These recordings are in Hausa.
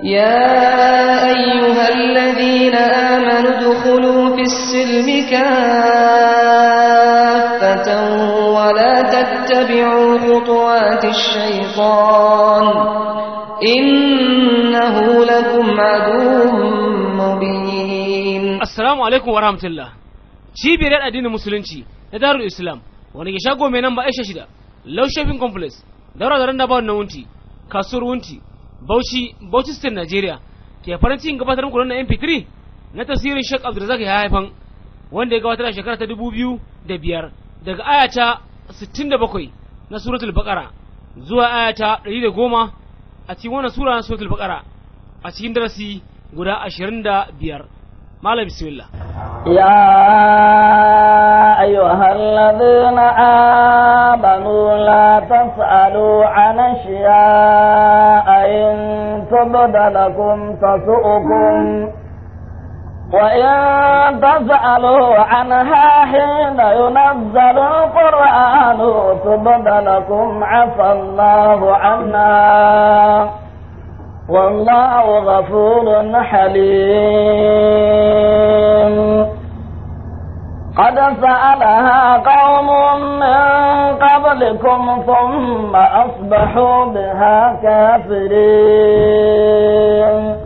يا أيها الذين آمنوا ادخلوا في السلم كافة ولا تتبعوا خطوات الشيطان إنه لكم عدو مبين السلام عليكم ورحمة الله شيبي رأى الدين المسلمين ندار الإسلام ونجي شاقو من نمبر إيش لو شايفين كومبلس دارا دارا نبار نونتي كاسور ونتي Bauchi Bauchi State Nigeria ke farin in gabatar muku na MP3 na tasirin Sheikh Abdulrazak ya haifan wanda ya gabatar a shekara ta 2005 daga aya ta 67 na suratul baqara zuwa aya ta 110 a cikin wannan sura na suratul baqara a cikin darasi guda 25 Mala bismillah ya أيها alladhina amanu la تسألوا an أشياء وإن تبد لكم تسؤكم وإن تسألوا عنها حين ينزل القرآن تبد لكم عفى الله عنا والله غفور حليم قد سألها قوم من قبلكم ثم أصبحوا بها كافرين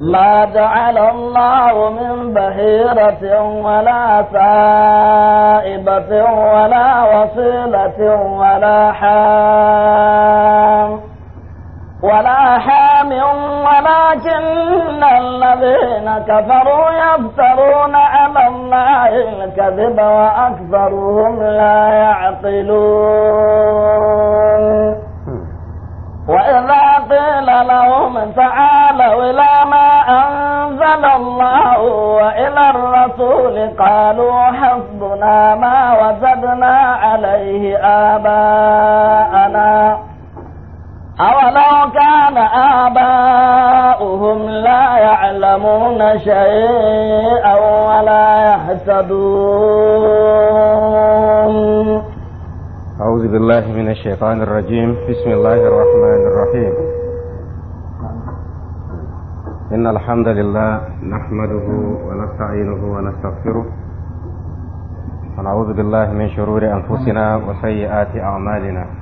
ما جعل الله من بهيرة ولا سائبة ولا وصيلة ولا حام ولا حام من ولكن الذين كفروا يفترون على الله الكذب وأكثرهم لا يعقلون وإذا قيل لهم تعالوا إلى ما أنزل الله وإلى الرسول قالوا حسبنا ما وجدنا عليه آباءنا أولو كان آباؤهم لا يعلمون شيئا ولا يحسدون أعوذ بالله من الشيطان الرجيم بسم الله الرحمن الرحيم إن الحمد لله نحمده ونستعينه ونستغفره ونعوذ بالله من شرور أنفسنا وسيئات أعمالنا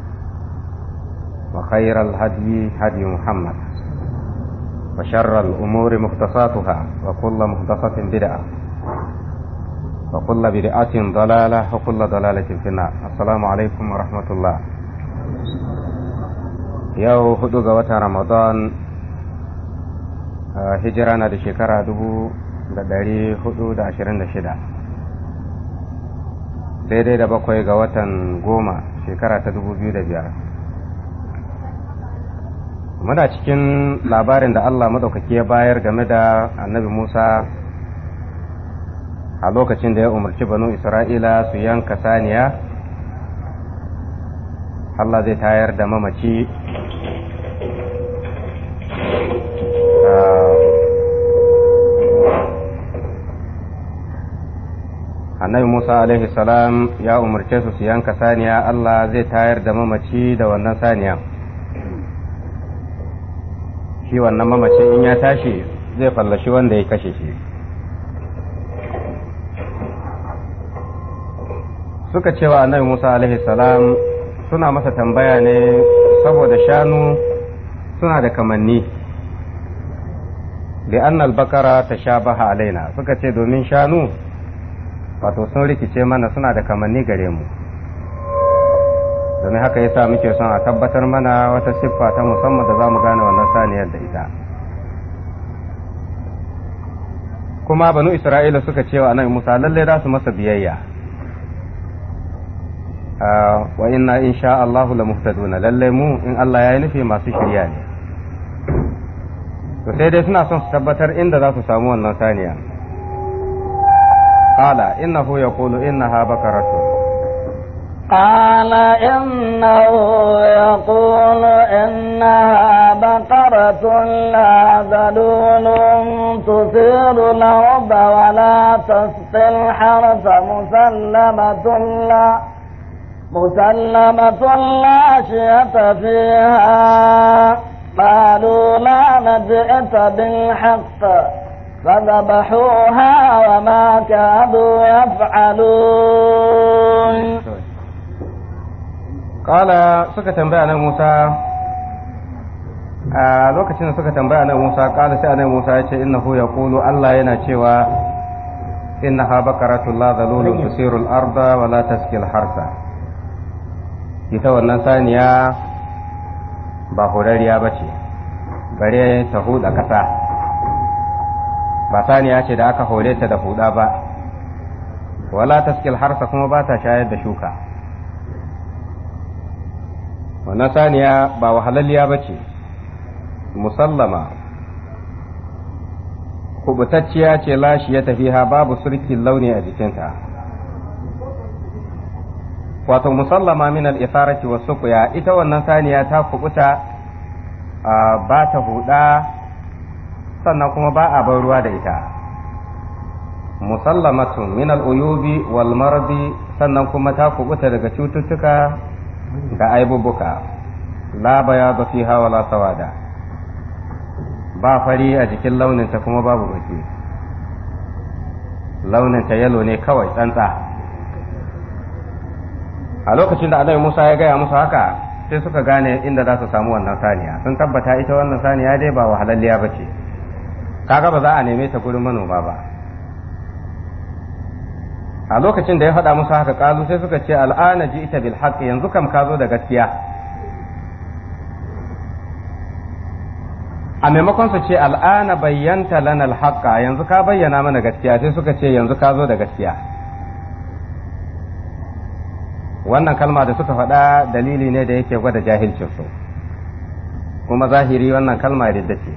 وخير الهدي هدي محمد وشر الأمور مختصاتها وكل مختصة بدعة وكل بدعة ضلالة وكل ضلالة في النار السلام عليكم ورحمة الله يو حدوغ وتا رمضان آه، هجرانا دي شكرا دبو داري حدود عشرين دا شدا دي بقوي غوطان غوما شكرا تدبو بيو دا بيارا muna cikin labarin da Allah maɗaukaki ya bayar game da annabi Musa a lokacin da ya umarci banu Isra'ila su yanka saniya Allah zai tayar da mamaci ah, annabi Musa alaihi salam ya umarce su su yanka saniya Allah zai tayar da mamaci da wannan saniya shi wannan mamacin in ya tashi zai fallashi wanda ya kashe shi suka cewa annabi musa alaihi suna masa tambaya ne saboda shanu suna da kamanni li'an albakara ta sha baha alaina suka ce domin shanu wato sun rikice mana suna da kamanni gare mu domin haka ya sa muke son a tabbatar mana wata siffa ta musamman da za mu gane wannan saniyar da ita kuma banu isra'ila suka cewa nan musa lallai za su masa biyayya ah, wa inna insha Allahu la muhtaduna lallai mu in Allah ya yi nufi masu shirya ne sai dai suna son su tabbatar inda za su samu wannan saniya qala innahu yaqulu innaha baqaratun قال إنه يقول إنها بقرة لا ذلول تثير الأرض ولا تسقي الحرث مسلمة لا مسلمة لا شية فيها قالوا لا نجئت بالحق فذبحوها وما كادوا يفعلون kala suka tambaya nan musa a lokacin da suka tambaya nan musa kala sai nan musa ya ce innahu ya kulu allah yana cewa innaha baqaratun la zalulun tusiru al-arda wa la taski harsa ita wannan saniya ba horariya ba ce bare ta huda kasa ba saniya ce da aka hore ta da huda ba wala taskil harsa kuma ba ta shayar da shuka wannan saniya ba wahalalliya ba ce musallama kubutacciya ce lashi ya tafi ha babu surkin launi a jikinta wato musallama min al-isarati wa suqya ita wannan saniya ta kubuta ba ta huda sannan kuma ba a bar ruwa da ita musallamatun min al-uyubi wal mardi sannan kuma ta kubuta daga cututtuka da aibubuka la fi hawa wala sawada ba fari a jikin launinta kuma babu baki launinta yalo ne kawai tsantsa a lokacin da alai Musa ya gaya musu haka sai suka gane inda za su samu wannan saniya sun tabbata ita wannan saniya dai ba wahalalliya ba ce kaga ba za a neme ta gurin manoma ba a lokacin da ya faɗa musu haka ƙalu sai suka ce al'ana ji ita bil haƙƙi yanzu kam ka zo da gaskiya a maimakon su ce al'ana bayyanta lana al yanzu ka bayyana mana gaskiya sai suka ce yanzu ka zo da gaskiya wannan kalma da suka faɗa dalili ne da yake gwada jahilcinsu kuma zahiri wannan kalma da ce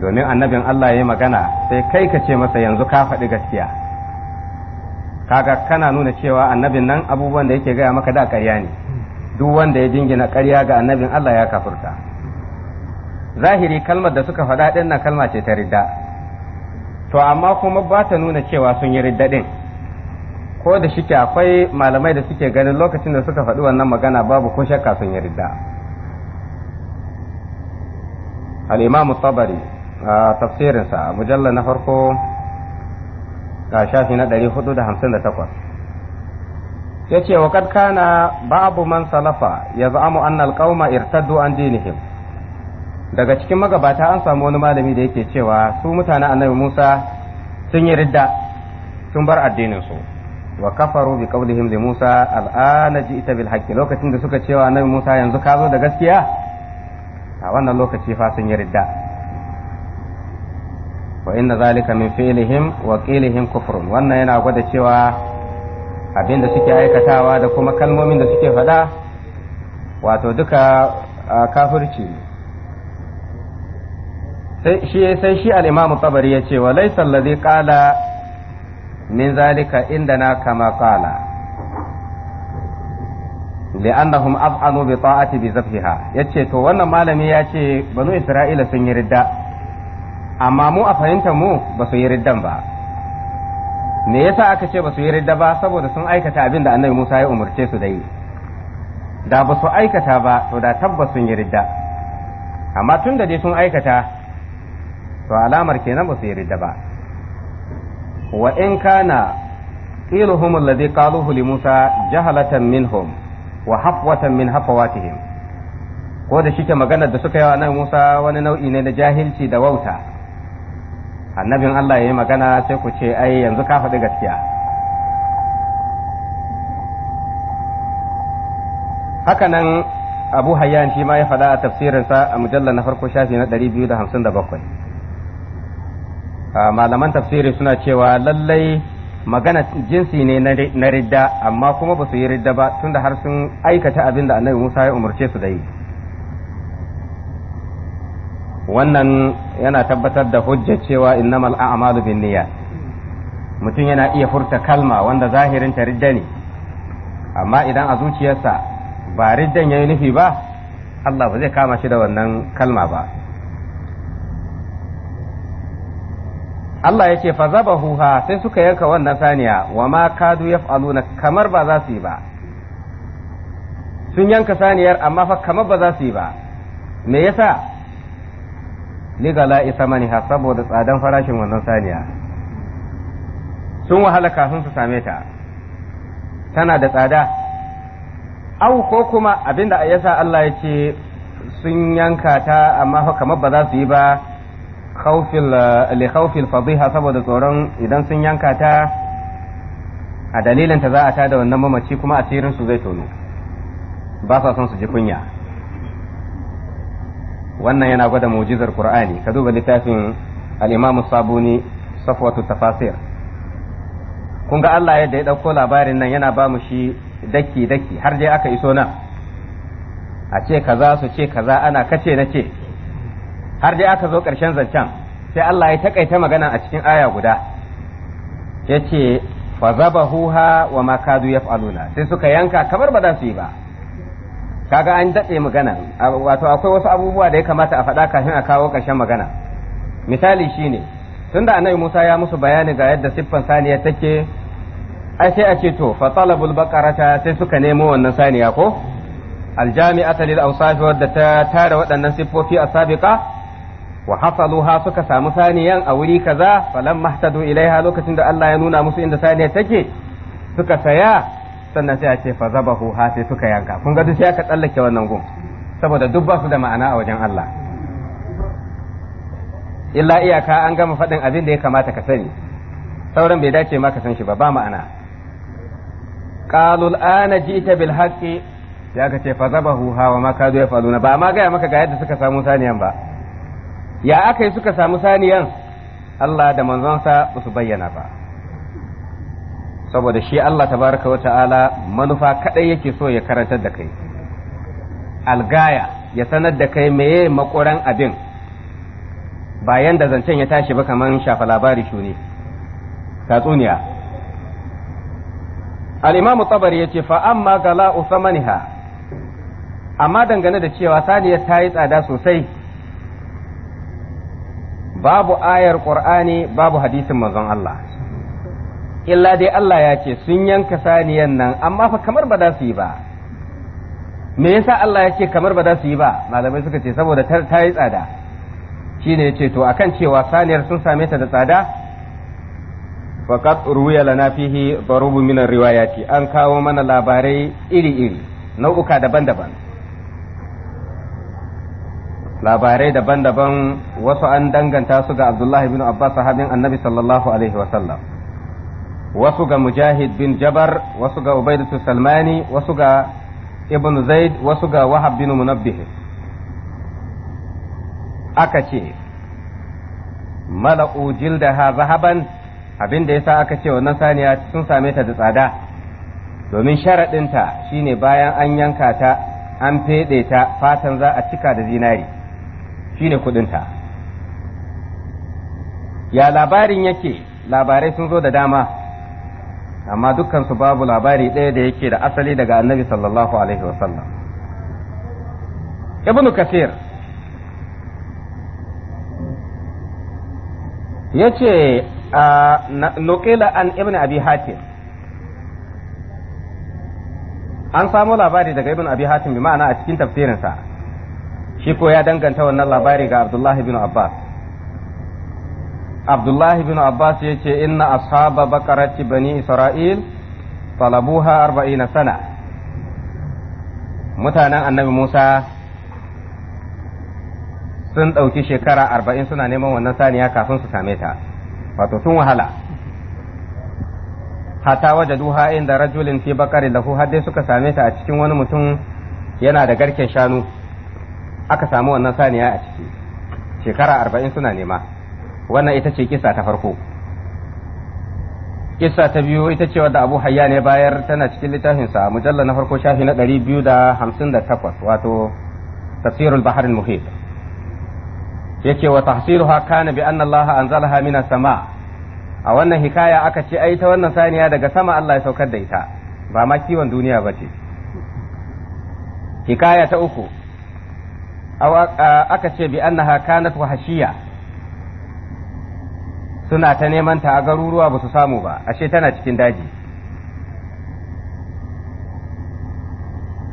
domin annabin Allah ya yi magana sai kai ka ce masa yanzu ka faɗi gaskiya kaga kana nuna cewa annabin nan abubuwan da yake gaya maka da ƙarya ne duk wanda ya jingina ƙarya ga annabin Allah ya kafurta zahiri kalmar da suka faɗa ɗin na kalma ce ta ridda to amma kuma ba ta nuna cewa sun yi ridda ɗin ko da shike akwai malamai da suke ganin lokacin da suka faɗi wannan magana babu ko shakka sun yi ridda al-imam tabari tafsirinsa mujalla na farko a shafi na 458 yace wa kad kana babu man salafa ya yaz'amu anna alqauma irtaddu an dinihim daga cikin magabata an samu wani malami da yake cewa su mutanen annabi Musa sun yi ridda sun bar addininsu su wa kafaru bi qawlihim li Musa al'ana ji'ta bil haqq lokacin da suka cewa annabi Musa yanzu ka zo da gaskiya a wannan lokaci fa sun yi ridda wa inna zalika min fi'lihim wa qilihim kufrun wannan yana gwada cewa abin da suke aikatawa da kuma kalmomin da suke faɗa wato duka kafirci sai shi sai shi tabari ya ce wa laysa allazi kala min zalika na kama qala li'annahum az'anu bi ta'ati bi ya yace to wannan malami yace banu isra'ila sun yi ridda amma mu a fahimtar mu ba su yi riddan ba me yasa aka ce ba su yi ridda ba saboda sun aikata abin da annabi Musa ya umarce su da yi da ba su aikata ba to da tabbas sun yi ridda amma tun da dai sun aikata to alamar kenan ba su yi ridda ba wa in kana qiluhum alladhi qaluhu li Musa jahalatan minhum wa hafwatan min hafawatihim ko da shike maganar da suka yi wa Musa wani nau'i ne na jahilci da wauta annabin Allah ya yi magana sai ku ce ai yanzu ka faɗi gaskiya haka nan abu hayyan shi ma ya faɗa a tafsirinsa a mujallar na farko shafi na 257 malaman tafsiri suna cewa lallai magana jinsi ne na ridda amma kuma ba su yi ridda ba tunda har sun aikata abin da annabi musa ya umarce su da yi wannan yana tabbatar da hujja cewa innamal a'malu binniyat mutum yana iya furta kalma wanda zahirin ta ridda ne amma idan a zuciyarsa ba riddan yayi nufi ba Allah ba zai kama shi da wannan kalma ba Allah ya ce fa sai suka yanka wannan saniya wa ma kadu yaf'aluna kamar ba za su yi ba sun yanka saniyar amma fa kamar ba za su yi ba me yasa ligala isa maniha saboda tsadan farashin wannan saniya sun wahala kafin su same ta tana da tsada au ko kuma abinda yasa Allah ya ce sun yanka ta amma kamar ba za su yi ba khawfil eh, fadiha saboda tsoron idan sun yanka ta a dalilin ta za a tada wannan mamaci kuma asirin su zai tono ba sa son su ji kunya wannan yana gwada mu'jizar qur'ani ka duba littafin al-imam sabuni safwatu tafasir kun ga Allah yadda ya dauko labarin nan yana ba mu shi daki daki har dai aka iso nan a ce kaza su ce kaza ana kace na ce har dai aka zo karshen zancen sai Allah ya takaita magana a cikin aya guda yace fa wa ma yaf'aluna sai suka yanka kamar ba za su yi ba kaga an datse magana wato akwai wasu abubuwa da ya kamata a faɗa kafin a kawo ƙarshen magana misali shine tunda annabi Musa ya musu bayani ga yadda siffan saniya take ai sai a ce to fa talabul baqarata sai suka nemo wannan saniya ko aljami'ata lil awsaf wadda ta tara waɗannan siffofi a sabiqa wa hasaluha suka samu saniyan a wuri kaza falamma hatadu ilaiha lokacin da Allah ya nuna musu inda saniya take suka saya sannan sai a ce fa zabahu ha sai suka yanka kun ga duk sai aka tsallake wannan gun saboda duk ba su da ma'ana a wajen Allah illa iyaka an gama faɗin abin da ya kamata ka sani sauran bai dace ma ka san shi ba ba ma'ana qalul ana ji'ta bil haqqi ya ka ce fa zabahu ha wa ma kadu yafaluna ba ma gaya maka ga yadda suka samu saniyan ba ya aka yi suka samu saniyan Allah da manzonsa ba su bayyana ba saboda shi Allah tabaraka wa ta'ala manufa kaɗai yake so ya karantar da kai algaya ya sanar da kai meye makoran abin bayan da zancen ya tashi ba kamar shafa labari shuni tatsuniya al-imam tabari yace fa amma gala usmaniha amma dangane da cewa saniyar ta yi tsada sosai babu ayar qur'ani babu hadisin manzon Allah illa dai Allah ya ce sun yanka saniyan nan amma fa kamar ba za su yi ba me yasa Allah ya ce kamar ba za su yi ba malamai suka ce saboda ta yi tsada shine ya ce to akan cewa saniyar sun same ta da tsada faqat ruwiya lana fihi darubu min riwayati an kawo mana labarai iri-iri nau'uka daban-daban labarai daban-daban wasu an danganta su ga Abdullahi bin Abbas sahabin Annabi sallallahu alaihi wa sallam wasu ga mujahid bin jabar wasu ga ubaidatu salmani wasu ga ibn zaid wasu ga wahab bin munabbih aka ce mala'u ha zahaban abin da yasa aka ce wannan saniya sun same ta da tsada domin sharaɗinta shine bayan an yanka ta an feɗe ta fatan za a cika da zinari shine kuɗinta ya labarin yake labarai sun zo da dama amma dukkan su babu labari ɗaya da yake da asali daga annabi sallallahu alaihi wasallam ibnu kasir ya ce nukila an ibn abi hatim an samo labari daga ibn abi hatim bi ma'ana a cikin tafsirinsa shi ko ya danganta wannan labari ga abdullahi bin abbas abdullahi bin abbas ya ce inna ashaba bakarati bani isra'il talabuha arba'ina sana mutanen annabi musa sun ɗauki shekara arba'in suna neman wannan saniya kafin su same ta wato sun wahala hata waje duha inda rajulin fi bakari lahu har dai suka same ta a cikin wani mutum yana da garken shanu aka samu wannan saniya a ciki shekara arba'in suna nema wannan ita ce kisa ta farko kisa ta biyu ita ce wadda abu hayya ne bayar tana cikin littafinsa mujallar na farko shafi na 258 wato tafsirul bahar muhit yake wa tahsiruha kana bi anna Allah anzalaha min sama a wannan hikaya aka ce ai ta wannan saniya daga sama Allah ya saukar da ita ba ma kiwon duniya ba ce hikaya ta uku aka ce bi annaha kanat wahashiya suna ta neman ta a garuruwa ba su samu ba ashe tana cikin daji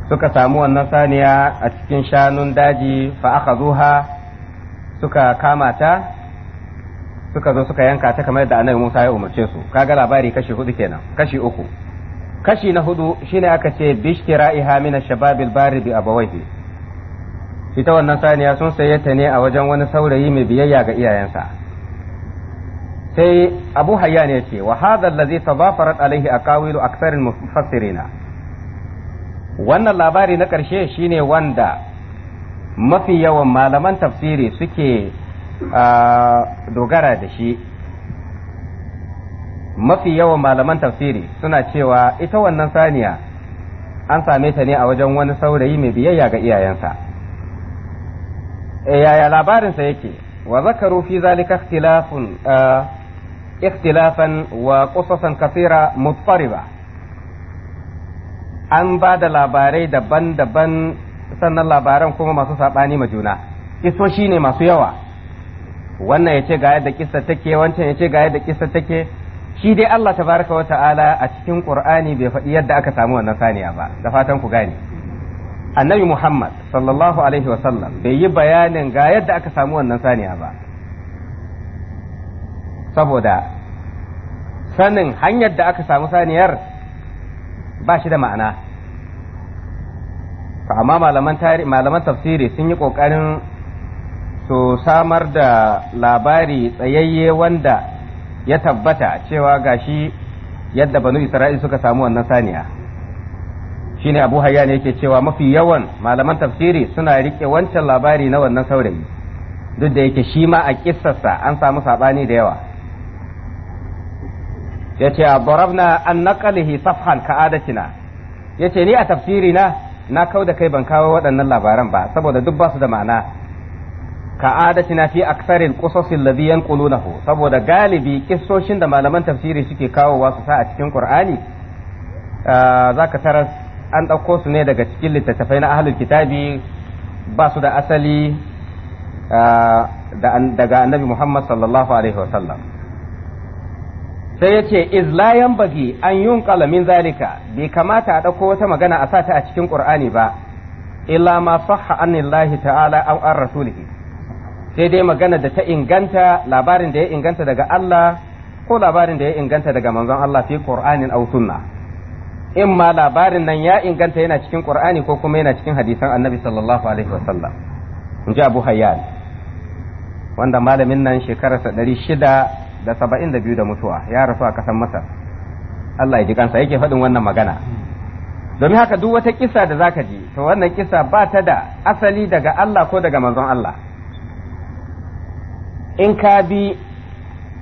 suka samu wannan saniya a cikin shanun daji fa aka zuha suka kama ta suka zo suka yanka ta kamar da annabi Musa ya umarce su kaga labari kashi hudu kenan kashi uku kashi na hudu shine aka ce bishkira iha min ash-shabab al-barid bi ita wannan saniya sun saye ta ne a wajen wani saurayi mai biyayya ga iyayensa sai abu hayya ya ce wa hadha allazi tadafarat alaihi aqawilu al mufassirin wannan labari na karshe shine wanda mafi yawan malaman tafsiri suke dogara da shi mafi yawan malaman tafsiri suna cewa ita wannan saniya an same ta ne a wajen wani saurayi mai biyayya ga iyayensa eh, yaya labarinsa yake wa zakaru fi zalika ikhtilafun اختلافا وقصصا كثيرة مضطربة an ba da labarai daban-daban sannan labaran kuma masu saɓani ma juna kisoshi ne masu yawa wannan ya ce ga yadda kissa take wancan ya ce ga yadda kissa take shi dai Allah tabaraka wa ta'ala a cikin Qur'ani bai faɗi yadda aka samu wannan saniya ba da fatan ku gane annabi Muhammad sallallahu alaihi Wasallam bai yi bayanin ga yadda aka samu wannan saniya ba saboda sanin hanyar da aka samu saniyar ba shi da ma'ana to amma malaman tafsiri sun yi ƙoƙarin su samar da labari tsayayye wanda ya tabbata cewa ga shi yadda banu isra'il suka samu wannan saniya shine abu hayya ne yake cewa mafi yawan malaman tafsiri suna riƙe wancan labari na wannan saurayi duk da yake shi ma a kissarsa an samu saɓani da yawa yace barabna an naqalihi safhan ka'adatina yace ni a tafsiri na na kau da kai ban kawo waɗannan labaran ba saboda duk basu da ma'ana ka'adatina fi aksarin qusasil alladhi yanqulunahu saboda galibi kissoshin da malaman tafsiri suke kawowa su sa a cikin qur'ani ah, zaka taras an ɗauko su ne daga cikin littattafai na ahlul kitabi ba su da asali ah, daga annabi Muhammad sallallahu alaihi wasallam sai ya ce iz bagi bagi an yunqala kalamin zalika bai kamata a ɗauko wata magana a sata a cikin qur'ani ba illa ma sahha anillahi ta'ala an an rasulihi sai dai magana da ta inganta labarin da ya inganta daga Allah ko labarin da ya inganta daga manzon Allah fi qur'anin aw sunna in ma labarin nan ya inganta yana cikin qur'ani ko kuma yana cikin hadisan annabi sallallahu alaihi wasallam in ji abu hayyan wanda malamin nan shekararsa ɗari shida da saba'in da biyu da mutuwa ya rasu a ƙasar masar allah ya ji kansa yake faɗin wannan magana domin haka duk wata kisa da zaka ji to wannan kisa ba ta da asali daga allah ko daga manzon allah in ka bi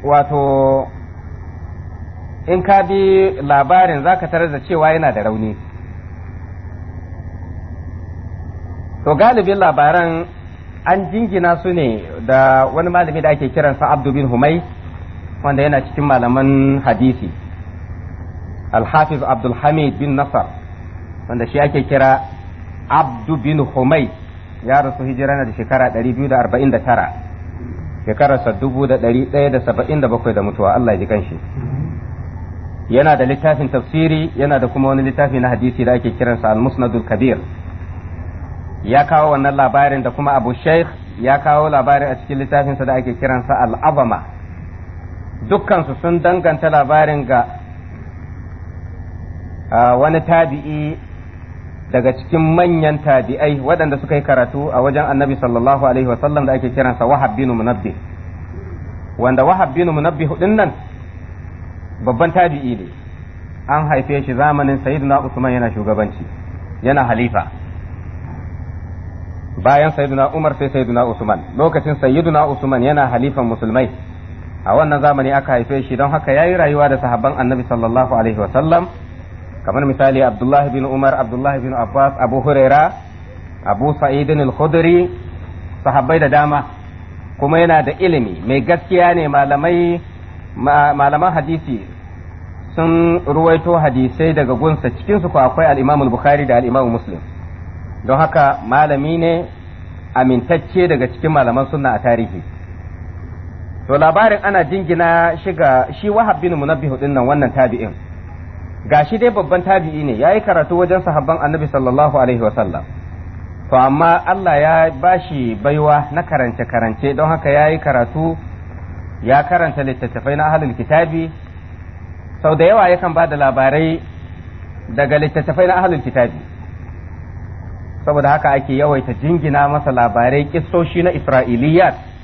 wato in ka bi labarin zaka tarar da cewa yana da rauni to galibin labaran an jingina su ne da wani malami da ake kiransa abdu bin humai wanda yana cikin malaman hadisi alhafiz abdulhamid bin nasar wanda shi ake kira abdu bin humay ya rasu hijira da shekara 249 shekararsa 1177 da mutuwa Allah ji kanshi yana da littafin tafsiri yana da kuma wani littafi na hadisi da ake kiransa al-musnadul kabir ya kawo wannan labarin da kuma abu sheikh ya kawo labarin a cikin littafinsa da ake kiransa al-azama dukkansu sun danganta labarin ga wani tabi'i daga cikin manyan tabi'ai waɗanda suka yi karatu a wajen annabi sallallahu alaihi wasallam da ake kiransa wahab munabbi, wanda wahab munabbi munabbih nan babban tabi'i ne an haife shi zamanin sayyidina usman yana shugabanci yana halifa bayan sayyidina umar sai sayyidina usman lokacin sayyidina usman yana halifan musulmai a wannan zamani aka haife shi don haka ya yi rayuwa da sahabban annabi sallallahu alaihi wasallam kamar misali abdullahi bin umar abdullahi bin abbas abu huraira abu sa'idin al-khudri sahabbai da dama kuma yana da ilimi mai gaskiya ne malamai malaman hadisi sun ruwaito hadisai daga gunsa cikinsu ko akwai al bukhari da al-imam muslim don haka malami ne amintacce daga cikin malaman sunna a tarihi to labarin ana jingina shi ga shi wahab bin munabbih din nan wannan tabi'in gashi dai babban tabi'i ne yayi karatu wajen sahabban annabi sallallahu alaihi sallam to amma Allah ya bashi baiwa na karance karance don haka yayi karatu ya karanta littattafai na ahlul kitabi sau da yawa yakan ba da labarai daga littattafai na ahlul kitabi saboda haka ake yawaita jingina masa labarai kissoshi na isra'iliyat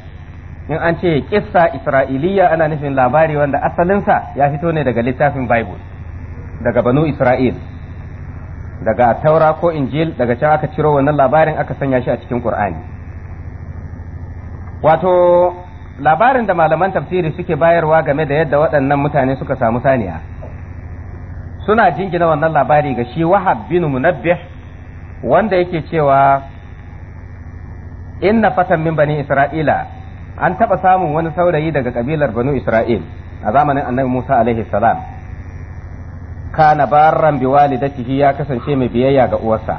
in an ce kissa isra'iliya ana nufin labari wanda asalinsa ya fito ne daga littafin bible daga banu isra'il daga taura ko injil daga can aka ciro wannan labarin aka sanya shi a cikin qur'ani wato labarin da malaman tafsiri suke bayarwa game da yadda waɗannan mutane suka samu saniya suna jingina wannan labari ga shi wahab bin munabbih wanda yake cewa inna fatan min bani isra'ila an taɓa samun wani saurayi daga kabilar banu isra'il a zamanin annabi musa alaihi salam kana barran bi walidatihi ya kasance mai biyayya ga uwarsa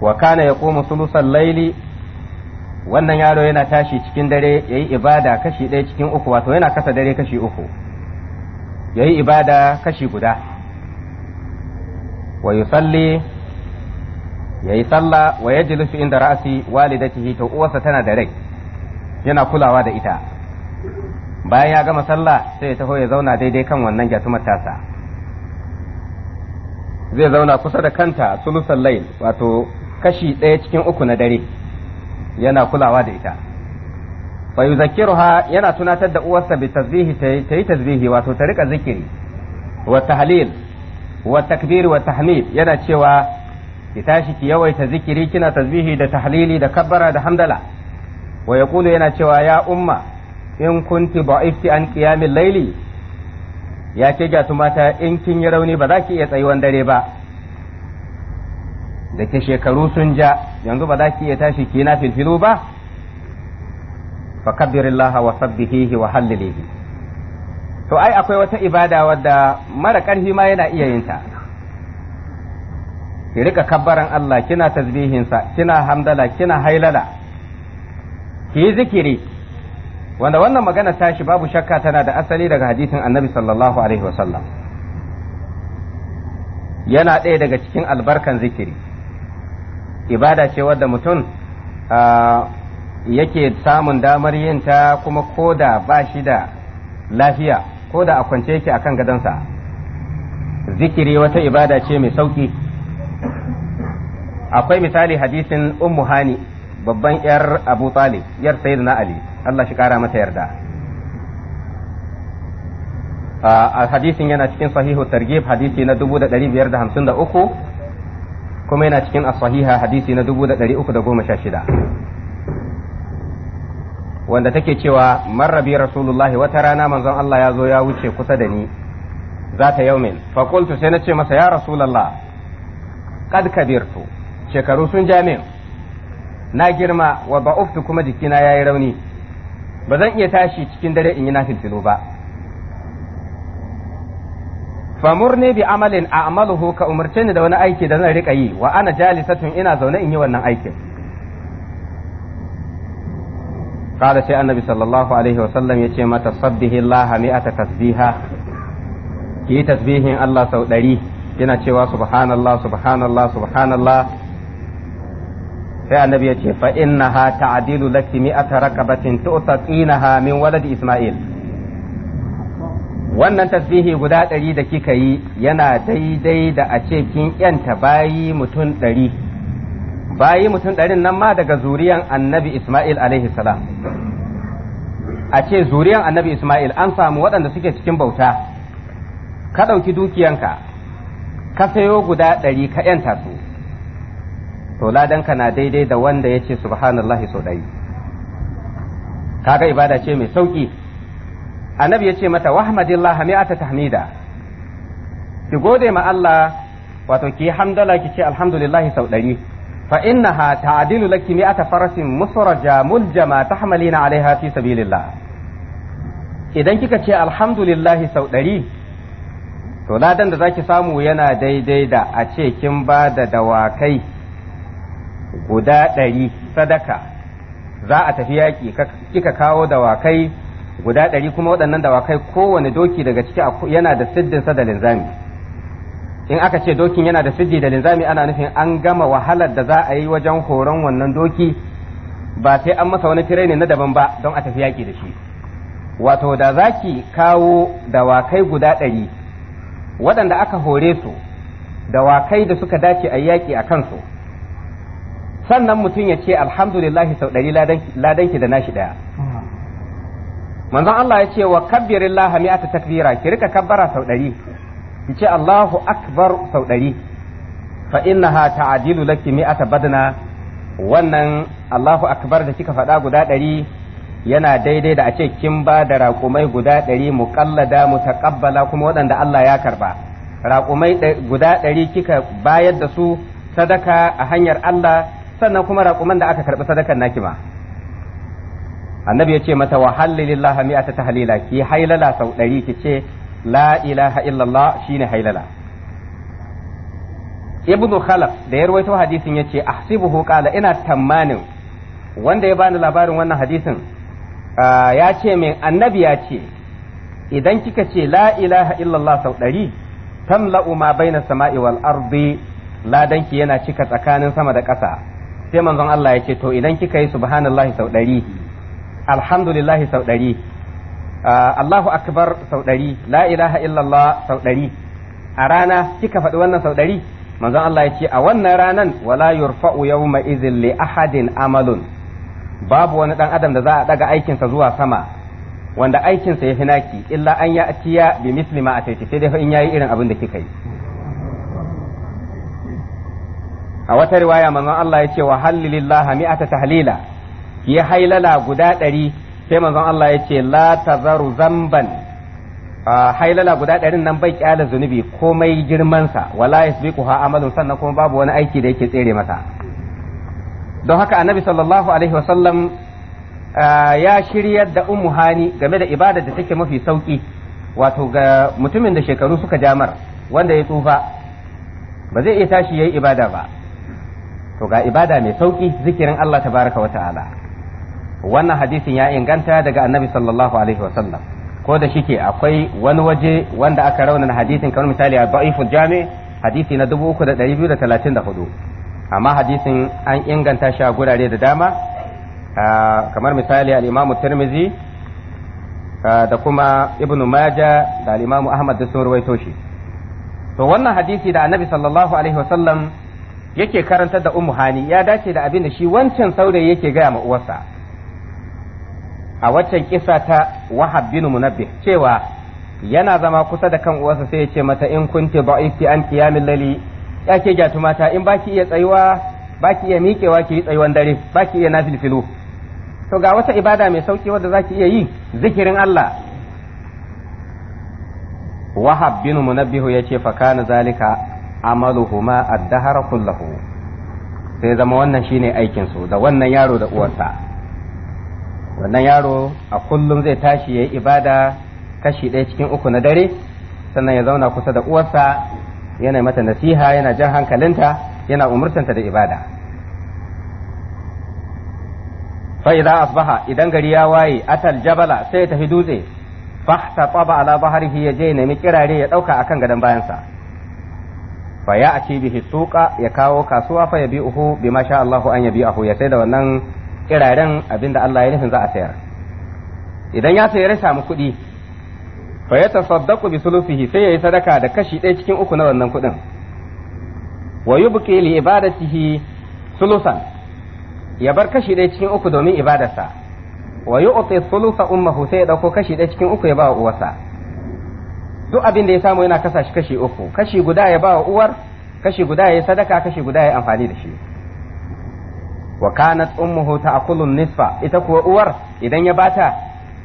wa kana ya koma sulusan laili wannan yaro yana tashi cikin dare yayi ibada kashi ɗaya cikin uku wato yana kasa dare kashi uku yayi ibada kashi guda wa yusalli yayi sallah wa yajlisu inda ra'si walidatihi to uwarsa tana da rai yana kulawa da ita bayan ya gama sallah sai ya taho ya zauna daidai kan wannan gatumar tasa zai zauna kusa da kanta sulusan lail wato kashi ɗaya cikin uku na dare yana kulawa da ita fa yuzakkiruha yana tunatar da uwarsa bi tazbihi tayi yi wato ta rika zikiri wa tahlil wa takbir wa tahmid yana cewa ki tashi ki yawaita zikiri kina tasbihi da tahlili da kabbara da hamdala wa yaqulu yana cewa ya umma in kunti da'ifti an qiyamil layli ya ke ga mata in kin yi rauni ba za ki iya tsayuwan dare ba da ke shekaru sun ja yanzu ba za ki iya tashi ki na filfilu ba fakabirillaha wa sabbihihi wa hallilihi to ai akwai wata ibada wadda mara ƙarfi ma yana iya yin ta ki rika kabbaran Allah kina tasbihinsa kina hamdala kina hailala ki yi zikiri wanda wannan magana tashi babu shakka tana da asali daga hadisin annabi sallallahu alaihi wasallam yana ɗaya daga cikin albarkan zikiri ibada ce wadda mutum yake samun damar yin ta kuma koda ba shi da lafiya koda a kwance yake akan sa zikiri wata ibada ce mai sauki akwai misali hadisin ummu hani babban yar abu talib yar sayyidina ali Allah shi kara masa yarda a hadisin yana cikin sahihu targhib hadisi na 1553 kuma yana cikin as-sahiha hadisi na 1316 wanda take cewa marrabi rasulullahi wata rana manzon Allah ya zo ya wuce kusa da ni zata yaumin fa qultu sai na ce masa ya rasulullah qad kabirtu shekaru sun jami na girma wa ba'uftu kuma jikina yi rauni ba zan iya tashi cikin dare in yi na filfilo ba famurni bi amalin a'maluhu ka umarce ni da wani aiki da zan rika yi wa ana jalisatun ina zaune in yi wannan aikin قال sai annabi صلى ya ce mata يتي ما تسبه الله مئة تسبيحة كي tasbihin Allah sau دري yana cewa subhanallah subhanallah subhanallah sai annabi ya ce fa innaha ta'dilu laki mi'ata rakabatin tu'taqinaha min waladi isma'il wannan tasbihi guda ɗari da kika yi yana daidai da a ce kin yanta bayi mutum ɗari bayi mutum ɗarin nan ma daga zuriyan annabi isma'il alaihi salam a ce zuriyan annabi isma'il an samu waɗanda suke cikin bauta ka ɗauki dukiyanka ka sayo guda ɗari ka yanta su to ladanka na daidai da wanda ya ce subhanallahi sau ɗari kaga ibada ce mai sauki annabi ya ce mata wahmadillah mi'ata tahmida ki gode ma Allah wato ki hamdala ki ce alhamdulillah sau ɗari fa innaha ta'dilu laki mi'ata farasin musraja muljama tahmalina alaiha fi sabilillah idan kika ce alhamdulillah sau ɗari to ladan da zaki samu yana daidai da a ce kin ba da dawakai guda ɗari sadaka za a tafi yaƙi kika kawo dawakai guda ɗari kuma waɗannan dawakai kowane doki daga ciki yana da siddinsa da linzami in aka ce dokin yana da siddi da linzami ana nufin an gama wahalar da za a yi wajen horon wannan doki ba sai an masa wani tireni na daban ba don a tafi yaƙi da shi wato da za ki kawo dawakai guda ɗari waɗanda aka hore su dawakai da suka dace a yi yaƙi a kansu sannan mutum ya ce alhamdulillahi sau ɗari ladanki da nashi ɗaya manzon Allah ya ce wa kabbirillaha mi'ata takbira ki rika kabbara sau ɗari ki ce Allahu akbar sau ɗari fa ha ta'adilu laki mi'ata badna wannan Allahu akbar da kika faɗa guda ɗari yana daidai da a ce kin ba da raƙumai guda ɗari muƙallada mutaqabbala kuma waɗanda Allah ya karba raƙumai guda ɗari kika bayar da su sadaka a hanyar Allah sannan kuma raƙuman da aka karɓi sadakar naki ma annabi ya ce mata wa hallilillah mi'ata tahlila ki haylala sau ɗari ki ce la ilaha illallah shine hailala ibnu khalaf da ya rawaito hadisin yace ahsibuhu qala ina tamanin wanda ya bani labarin wannan hadisin ya ce min annabi ya ce idan kika ce la ilaha illallah sau ɗari tamla'u ma baina sama'i wal ardi ladanki yana cika tsakanin sama da ƙasa sai manzon Allah ya ce to idan kika yi subhanallahi sau ɗari alhamdulillahi sau ɗari Allahu akbar sau ɗari la ilaha illallah sau ɗari a rana kika faɗi wannan sau ɗari manzon Allah ya ce a wannan ranan wala yurfa'u yawma izin li ahadin amalun babu wani dan adam da za a daga aikinsa zuwa sama wanda aikinsa ya fi naki illa an ya atiya bi mislima a ataiti sai dai in yayi irin abin da kika yi a wata riwaya manzon Allah ya ce wa hallilillah mi'ata tahlila ki hailala guda ɗari sai manzon Allah ya ce la tazaru zamban hailala guda ɗarin nan bai kyala zunubi komai girmansa wala yasbiquha amalun sannan kuma babu wani aiki da yake tsere masa don haka annabi sallallahu alaihi wasallam ya shiryar da ummu hani game da ibada da take mafi sauki wato ga mutumin da shekaru suka jamar wanda ya tsufa ba zai iya tashi yayi ibada ba to ga ibada mai sauki zikirin Allah tabaraka wa ta'ala wannan hadisin ya inganta daga annabi sallallahu alaihi wa sallam ko da shike akwai wani waje wanda aka raunana hadisin kamar misali a da'iful jami hadisi na 3234 amma hadisin an inganta shi a gurare da dama kamar misali al-imamu tirmizi da kuma ibnu maja da al-imamu ahmad da sun ruwaito shi to wannan hadisi da annabi sallallahu alaihi wa sallam. yake karantar da ummu hani ya dace da abin da shi wancan saurayi yake gaya ma uwarsa a waccan kisa ta wahab bin munabbih cewa yana zama kusa da kan uwarsa sai ya ce mata in kunti da'ifi an qiyamil lali ya ke gyatu mata in baki iya tsayuwa baki iya miƙewa ki yi tsayuwan dare baki iya nafilfilu to ga wata ibada mai sauki wadda zaki iya yi zikirin Allah wahab bin munabbihu ya ce fa kana zalika amaluhuma ad kullahu sai zama wannan shine aikin su da wannan yaro da uwarsa wannan yaro a kullum zai tashi yayi ibada kashi ɗaya cikin uku na dare sannan ya zauna kusa da uwarsa yana mata nasiha yana jan hankalinta yana umurtanta da ibada fa idan asbaha idan gari ya waye atal jabala sai ya tafi dutse fahta tsaba ala baharihi ya je nemi kirare ya dauka akan gadon bayansa fa ya ci bihi suqa ya kawo kasuwa fa yabi'uhu bima sha Allahu an yabi'ahu ya sai da wannan kiraren abinda Allah ya nufin za a sayar idan ya sayar ya samu kuɗi fa ya tasaddaqu bi sulufihi sai yayi sadaka da kashi ɗaya cikin uku na wannan kuɗin wa yubqi li ibadatihi sulusan ya bar kashi ɗaya cikin uku domin ibadarsa wa yu'ti sulusa ummuhu sai ya dauko kashi ɗaya cikin uku ya ba uwarsa duk abin da ya samu yana kasa shi kashi uku kashi guda ya ba wa uwar kashi guda ya sadaka kashi guda ya amfani da shi wa kanat ummuhu ta'kulu nisfa ita kuwa uwar idan ya bata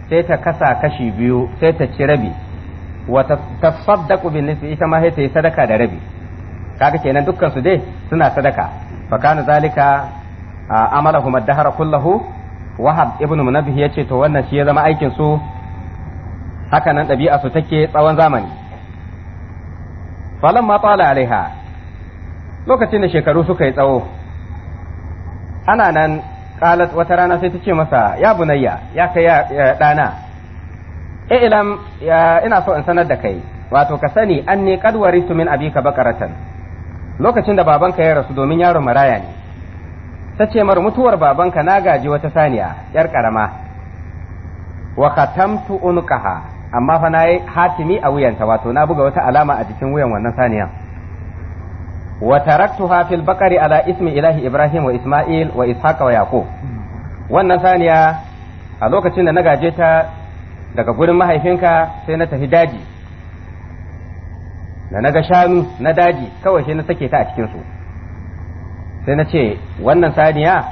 sai ta kasa kashi biyu sai ta ci rabi wa tasaddaqu bin nisfi ita ma sai ta yi sadaka da rabi kaga kenan dukkan su dai suna sadaka fa kana zalika amalahum ad kullahu wahab ibnu munabih yace to wannan shi ya zama aikin su haka nan ɗabi'a su take tsawon zamani Falon ma tsala alaiha lokacin da shekaru suka yi tsawo ana nan ƙalat wata rana sai ta ce masa ya bunayya ya kai ya ɗana e ilam ina so in sanar da kai wato ka sani an ne qad su min ka bakaratan lokacin da babanka ya rasu domin yaron maraya ne ta ce mar mutuwar babanka na gaji wata saniya yar karama wa khatamtu unqaha amma fa na yi hatimi a wuyanta wato na buga wata alama a jikin wuyan wannan saniya wa taraktu fil bakari ala ismi ilahi ibrahim wa isma'il wa ishaqa wa yaqub wannan saniya a lokacin da na gaje ta daga gurin mahaifinka sai na tafi daji da na ga shanu na daji kawai sai na sake ta a cikin su sai na ce wannan saniya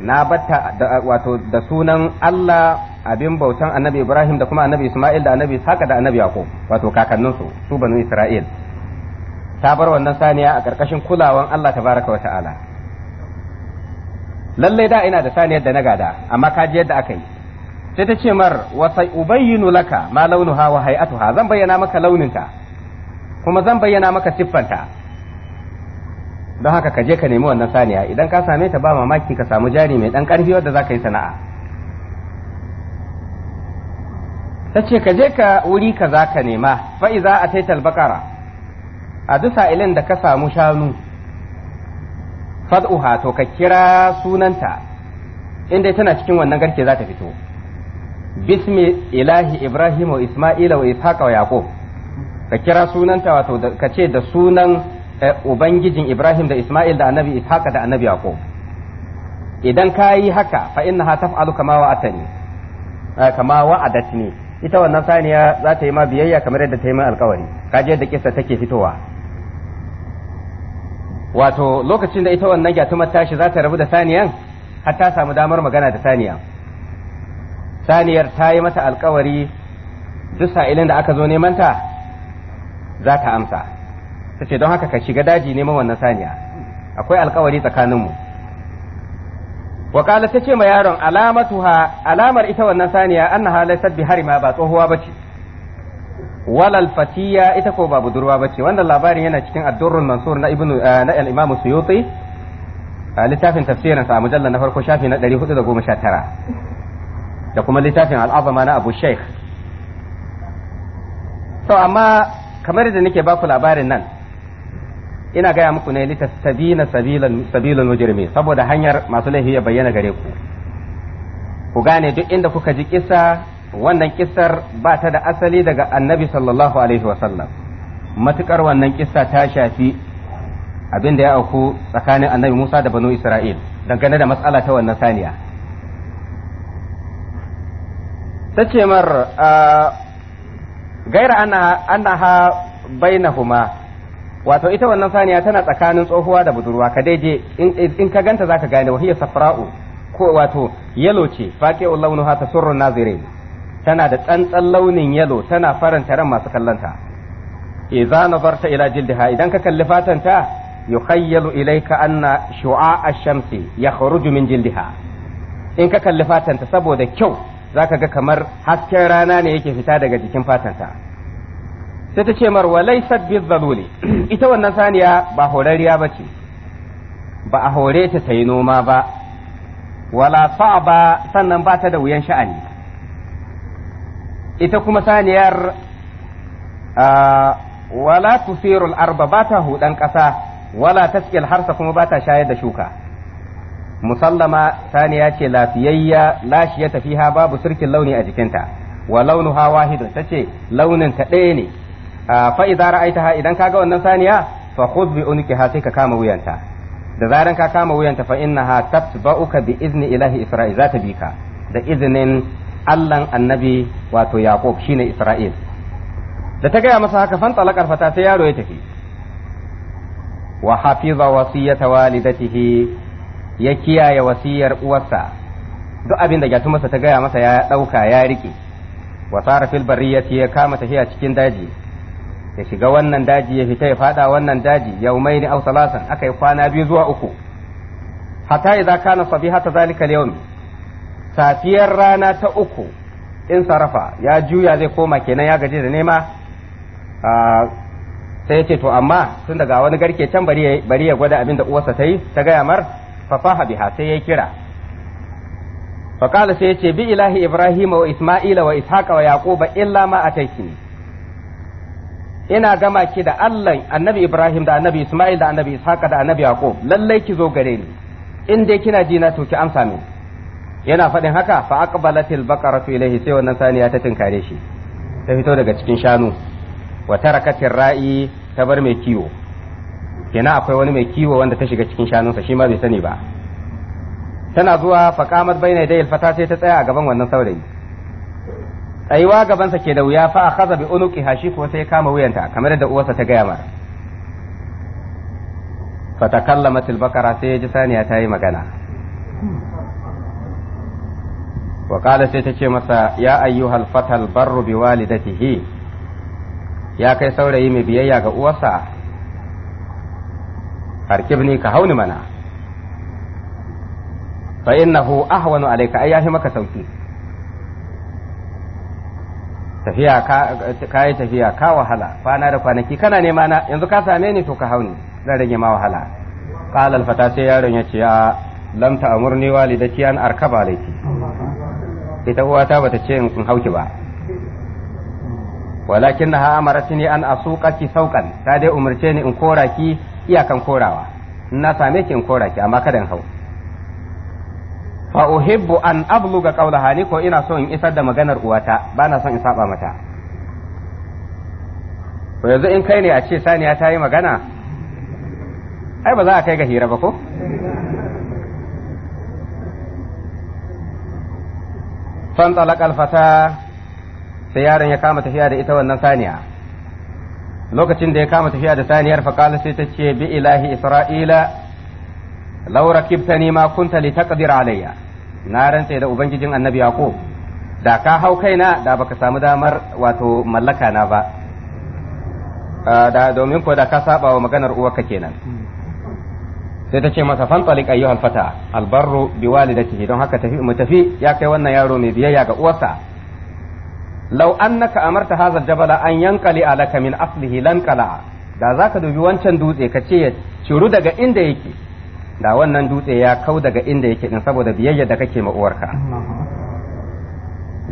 na batta wato da sunan Allah abin bautan annabi Ibrahim da kuma annabi Ismail da annabi haka da annabi Yaqub wato kakanninsu su banu Isra'il ta bar wannan saniya a ƙarƙashin kulawan Allah tabaraka wa ta'ala lalle da ina da saniyar da na gada amma ka ji yadda aka yi sai ta ce mar wa sai ubayyinu laka ma launuha wa hay'atuha zan bayyana maka launinta kuma zan bayyana maka siffanta don haka ka je ka nemi wannan saniya idan ka same ta ba mamaki ka samu jari mai dan ƙarfi wanda za ka yi sana'a ta ce ka je ka wuri ka za ka nema fa'iza a taital bakara a duk sa'ilin da ka samu shanu fad'uha to ka kira sunanta inda tana cikin wannan garke za ta fito bismi ilahi ibrahim wa isma'ila wa ishaqa wa yaqub ka kira sunanta wato ka ce da sunan eh, ubangijin ibrahim da isma'il da annabi ishaqa da annabi yaqub idan ka yi haka fa innaha taf'alu kama wa'atani eh, kama wa'adatni ita wannan saniya za ta yi ma biyayya kamar yadda ta yi min alkawari kaji da kisa take fitowa wato lokacin da ita wannan gyatumar tashi za ta rabu da saniyan har ta samu damar magana da saniya saniyar ta yi mata alkawari duk sa'ilin da aka zo neman ta za ta amsa ta ce don haka ka shiga daji neman wannan saniya akwai alkawari tsakaninmu wa ta ce ma yaron alamatuha alamar ita wannan saniya annaha laysat bi ma ba tsohuwa bace walal fatiya ita ko ba budurwa bace wannan labarin yana cikin ad mansur na ibnu eh, na al-imam suyuti littafin tafsirin sa mujallal na farko shafi na 419 da kuma littafin al-azama na abu sheikh to amma kamar da nake baku labarin nan ina gaya muku ne lita sabina sabilan sabilul saboda hanyar masu laifi ya bayyana gare ku ku gane duk inda kuka ji kisa wannan kisar ba ta da asali daga annabi sallallahu alaihi wasallam matukar wannan kisa ta shafi abin da ya auku tsakanin annabi Musa da banu Isra'il dangane da matsala ta wannan saniya ta ce mar ah, gaira ana ha bainahuma wato ita wannan saniya tana tsakanin tsohuwa da budurwa ka daije in ka ganta zaka gane wahiya safra'u ko wato yalo ce faqi'ul launuha tasurru nazirin tana da tsantsan launin yalo tana faranta ran masu kallanta idza nazarta ila jildiha idan ka kalli fatanta yukhayyalu ilayka anna shu'a ash-shamsi yakhruju min jildiha in ka kalli fatanta saboda kyau zaka ga kamar hasken rana ne yake fita daga jikin fatanta sai ta ce mar walaysat bizzaluli ita wannan saniya ba horariya ce ba a hore ta tayi noma ba wala ba sannan ba ta da wuyan sha'ani ita kuma saniyar wala tusirul arba ba ta hudan ƙasa wala taskil harsa kuma ba ta shayar da shuka musallama saniya ce lafiyayya lashiya tafiha babu sirkin launi a jikinta wa launuha wahidun tace launin ta ɗaya ne Ah, fa idza ra'aitaha idan kaga wannan saniya fa khudh bi unkiha sai ka kama wuyanta da zaran ka kama wuyanta fa innaha tatba'uka bi izni ilahi isra'il za ta bi da izinin Allah annabi wato Yaqub shine Isra'il da ta gaya masa haka fanta talakar fata sai yaro ya tafi wa hafiza wasiyata walidatihi ya kiyaye wasiyar uwarsa duk abin da gatu masa ta gaya masa ya dauka ya rike wa sara bariyati ya kama tafiya cikin daji ya shiga wannan daji ya fita ya fada wannan daji yaumai ne aw salasan akai kwana biyu zuwa uku hatta idza kana sabihata zalika alyawm safiyar rana ta uku in sarafa ya juya zai koma kenan ya gaji da nema ah, sai yace to amma tun daga wani garke can bari ya gwada abinda da uwarsa ta yi ta gaya mar fafaha biha sai ya kira kala sai yace ce bi ilahi ibrahima wa isma'ila wa ishaqa wa yaquba illa ma ataitini ina gama ki da Allah annabi Ibrahim da annabi Ismail da annabi Ishaq da annabi Yaqub lallai ki zo gare ni in dai kina ji na to ki amsa min yana faɗin haka fa aqbalatil baqaratu ilayhi sai wannan saniya ta tinkare shi ta fito daga cikin shanu wa tarakatir ra'i ta bar mai kiwo kina akwai wani mai kiwo wanda ta shiga cikin shanunsa shi ma bai sani ba tana zuwa fa qamat bayna dayil fata sai ta tsaya a gaban wannan saurayi tsayuwa gabansa ke da wuya fa a kaza bi unuki hashi kuwa sai kama wuyanta kamar da uwarsa ta gaya mara fatakalla al-bakara sai ya ji saniya ta yi magana wa qala sai ta ce masa ya ayyuhal fatal barru bi walidatihi ya kai saurayi mai biyayya ga uwarsa harkibni ka hauni mana fa innahu ahwanu alayka ayyahi maka sauki tafiya ka yi tafiya ka wahala kwana da kwanaki kana nema na yanzu ka same ni to ka hauni zan rage ma wahala qala alfata sai yaron ya ce a lam ta'murni walidati an arkaba laiki ita uwata bata ce in hauki ba walakin na amaratni an asuqaki saukan ta dai umarce ni in koraki iyakan korawa na same ki in koraki amma kada in hau wa uhibbu an abluga qawlaha ni ko ina so in isar da maganar uwata ba na son in saba mata to yanzu in kai ne a ce saniya ta yi magana ai ba za a kai ga hira ba ko fan talakal fata sai yaron ya kama tafiya da ita wannan saniya lokacin da ya kama tafiya da saniyar faqala sai ta ce bi ilahi isra'ila law rakibtani ma kunta litaqdir alayya na rantse da ubangijin annabi ko da ka hau kaina da baka samu damar wato mallaka na ba da domin ko da ka saba wa maganar uwarka kenan sai ta ce masa fantalik ayyuhal fata albarru bi walidatihi don haka tafi mu tafi ya kai wannan yaro mai biyayya ga uwarsa law annaka amarta hadha jabala an yanqali alaka min aslihi qala da zaka dubi wancan dutse ka ce ya ciru daga inda yake da wannan dutse ya kau daga inda yake din saboda biyayya da kake ma uwarka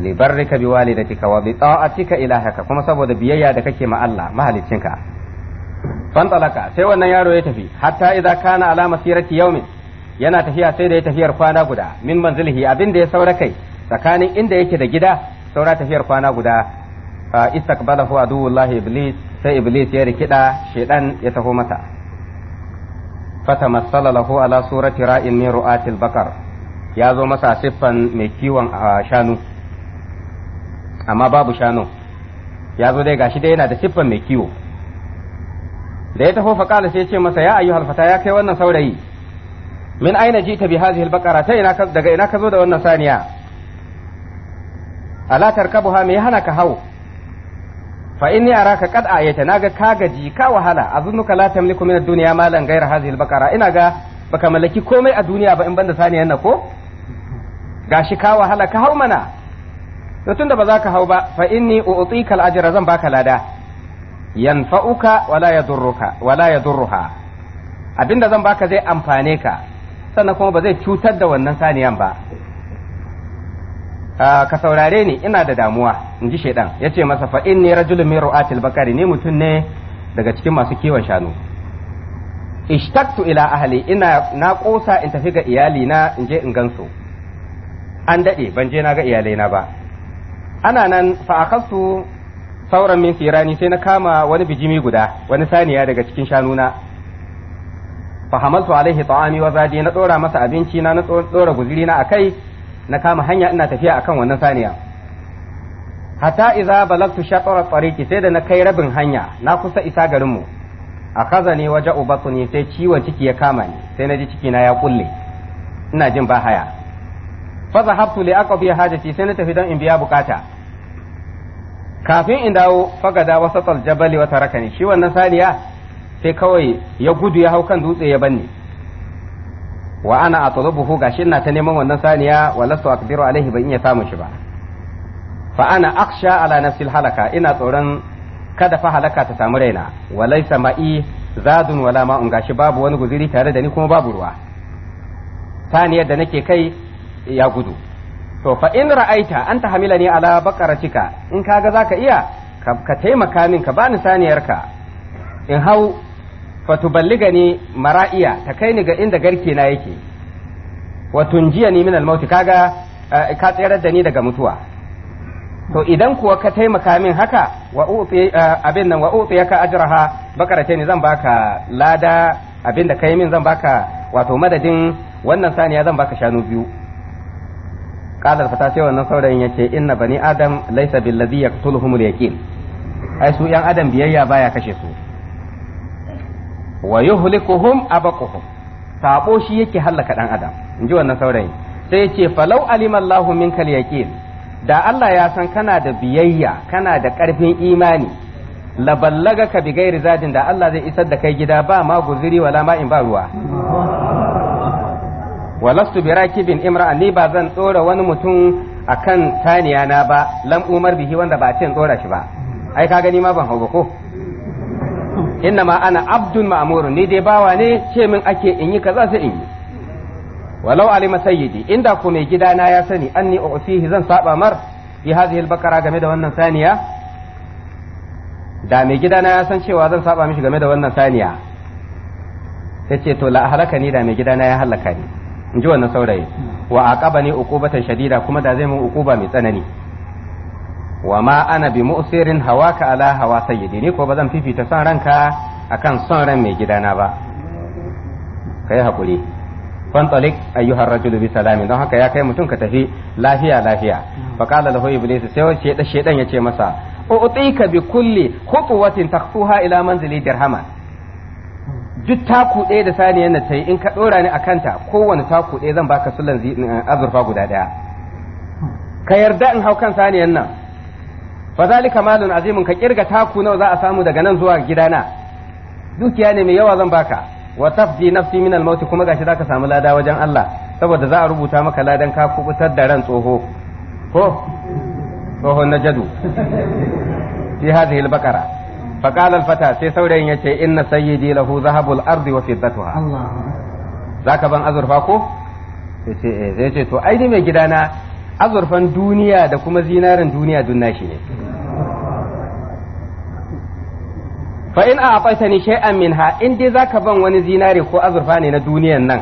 li barrika bi walidatika wa bi ta'atika ilahaka kuma saboda biyayya da kake ma Allah mahaliccinka talaka sai wannan yaro ya tafi hatta idza kana ala masirati yawmin yana tafiya sai da ya tafiyar kwana guda min manzilihi abin da ya saura kai tsakanin inda yake da gida saura tafiyar kwana guda istakbalahu Wallahi iblis sai iblis ya rikida shedan ya taho mata. fatamassala lahu ala surati ra'in min ru'atil bakar ya zo masa siffan mai kiwon ah, shanu amma babu shanu ya zo dai gashi dai yana da siffan mai kiwo da ya taho faqala sai ya ce masa ya ayyuhal fata ya kai wannan saurayi min aina jita bi hadhihi al ta ina daga ina ka zo da wannan saniya ala tarkabuha me hana ka hau fa inni araka qad ayata naga ka gaji ka wahala azunuka la tamliku min ad-dunya malan ghayra hadhihi al-baqara ina ga baka mallaki komai a duniya ba in banda saniyan na ko gashi ka wahala ka hau mana to tunda ba za ka hau ba fa inni u'tika al-ajra zan baka lada yanfa'uka wala yadurruka wala yadurruha abinda zan baka zai amfane ka sannan kuma ba zai cutar da wannan saniyan ba Ah, ka saurare ni ina da damuwa in ji shaidan ya ce masa fa inni rajulun min ru'atil bakari ni mutum ne daga cikin masu kiwon shanu ishtaktu ila ahli ina na kosa in tafi ga iyali na in je in gansu an dade ban je na ga iyalai na ba ana nan fa akasu sauran min firani sai na kama wani bijimi guda wani saniya daga cikin shanu na fa hamaltu alaihi ta'ami wa zadi na dora masa abinci na na dora guziri na akai na kama hanya ina tafiya akan wannan saniya hatta iza balagtu shatara tariqi sai da na kai rabin hanya na kusa isa garin mu akaza ne waje ubatuni sai ciwon ciki ya kama ni sai na ji ciki na ya kulle ina jin ba haya fa zahabtu li aqbi hajati sai na tafi dan in biya bukata kafin in dawo fagada wasatal jabali wa tarakani shi wannan saniya sai kawai ya gudu ya hau kan dutse ya ni. wa ana atlubuhu gashi na ta neman wannan saniya walastu akbiru alaihi ban iya samun shi ba fa ana aksha ala nafsil halaka ina tsoron kada fa halaka ta samu raina walaysa ma'i zadun wala ma'un gashi babu wani guziri tare da ni kuma babu ruwa saniyar da nake kai ya gudu to fa in ra'aita an ta hamila ni ala baqaratika in kaga zaka iya ka taimaka min ka bani saniyarka in hau ni mara'iya ta kai ni ga inda garke na yake wa tunjiya ni min almauti kaga eh, ka tsayar da ni daga mutuwa to idan kuwa ka taimaka min haka wa ufi eh, abin nan wa ufi ka ajraha bakarate ni zan baka lada abin da kai min zan baka wato madadin wannan saniya zan baka shanu biyu qala fata sai wannan saurayin yace inna bani adam laysa billadhi yaqtuluhumul yaqin ai su yan adam biyayya baya kashe su wa yuhlikuhum abaquhum sabo shi yake hallaka dan adam in ji wannan saurayi sai ya ce falau allahu minkal yaqin da Allah ya san kana da biyayya kana da karfin imani la ballaga ka bigairi zadin da Allah zai isar da kai gida ba ma guziri wala ma in ba ruwa walastu rakibin imra ni ba zan tsora wani mutum akan taniya na ba lam umar bihi wanda ba ce tsora shi ba ai ka gani ma ban hau ba ko inna ma ana abdun ma'murun ni dai bawa ne ce min ake in yi kaza sai in yi walau alima sayyidi inda ku mai gidana ya sani anni u'tihi zan saba mar bi hadhihi al-baqara game da wannan saniya da mai gidana ya san cewa zan saba mishi game da wannan saniya sai ce to la halaka ni da mai gidana ya halaka ni in ji wannan saurayi wa aqabani uqubatan shadida kuma da zai mun uquba mai tsanani wa ma ana bi mu'sirin hawaka ala hawa sayyidi ni ko ba zan fifita son ranka akan son ran mai gidana ba kai hakuri fantalik ayyuhar rajulu bi salamin don haka ya kai mutum ka tafi lafiya lafiya fa qala lahu iblis sai wace da shedan yace masa u'tika bi kulli khutwatin taqtuha ila manzili dirhama duk taku ɗaya da saniyar na ta yi in ka ɗora ni a kanta kowane taku ɗaya zan baka sulan eh, azurfa guda ɗaya ka yarda in hau kan saniyar nan fa zalika malun azimun ka kirga taku nawa za a samu daga nan zuwa gidana dukiya ne mai yawa zan baka wa tafdi nafsi min al-maut kuma gashi zaka samu lada wajen Allah saboda za a rubuta maka ladan ka kubutar da ran tsoho ko tsoho na jadu fi hadhihi al-baqara fa qala al-fata sai saurayin yace inna sayyidi lahu zahabul ardi wa fiddatuha Allah zaka ban azurfa ko sai ce eh. to ai mai gidana azurfan duniya da kuma zinarin duniya dun nashi ne fa in a afaita ni shay'an minha in dai zaka ban wani zinare ko azurfa ne na duniyan nan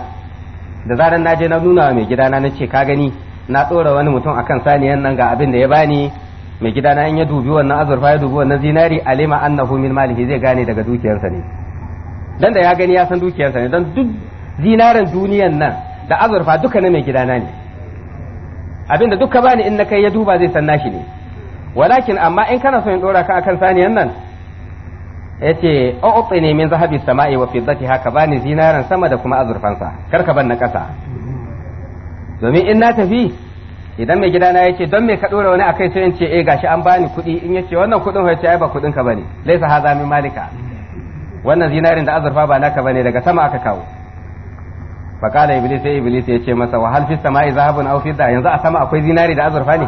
da zaran naje na nuna mai gidana na ce ka gani na ɗora wani mutum akan saniyan nan ga abin da ya bani mai gidana in ya dubi wannan azurfa ya dubi wannan zinari alima annahu min malihi zai gane daga dukiyarsa ne dan da ya gani ya san dukiyarsa ne dan duk zinarin duniyan nan da azurfa duka na mai gidana ne abinda duk ka bani in na kai ya duba zai san nashi ne walakin amma in kana so in dora ka akan saniyan nan yace uqti ne min zahabi sama'i wa fiddati haka bani zinaran sama da kuma azurfansa kar ka ban na kasa domin in na tafi idan mai gidana yace don me ka dora wani akai sai in ce eh gashi an bani kuɗi in yace wannan kuɗin hoye ai ba kuɗin ka bane laisa haza min malika wannan zinarin da azurfa ba naka bane daga sama aka kawo fakala iblis sai iblis ya ce masa wahal hal fi sama'i zahabun aw fidda yanzu a sama akwai zinari da azurfa ne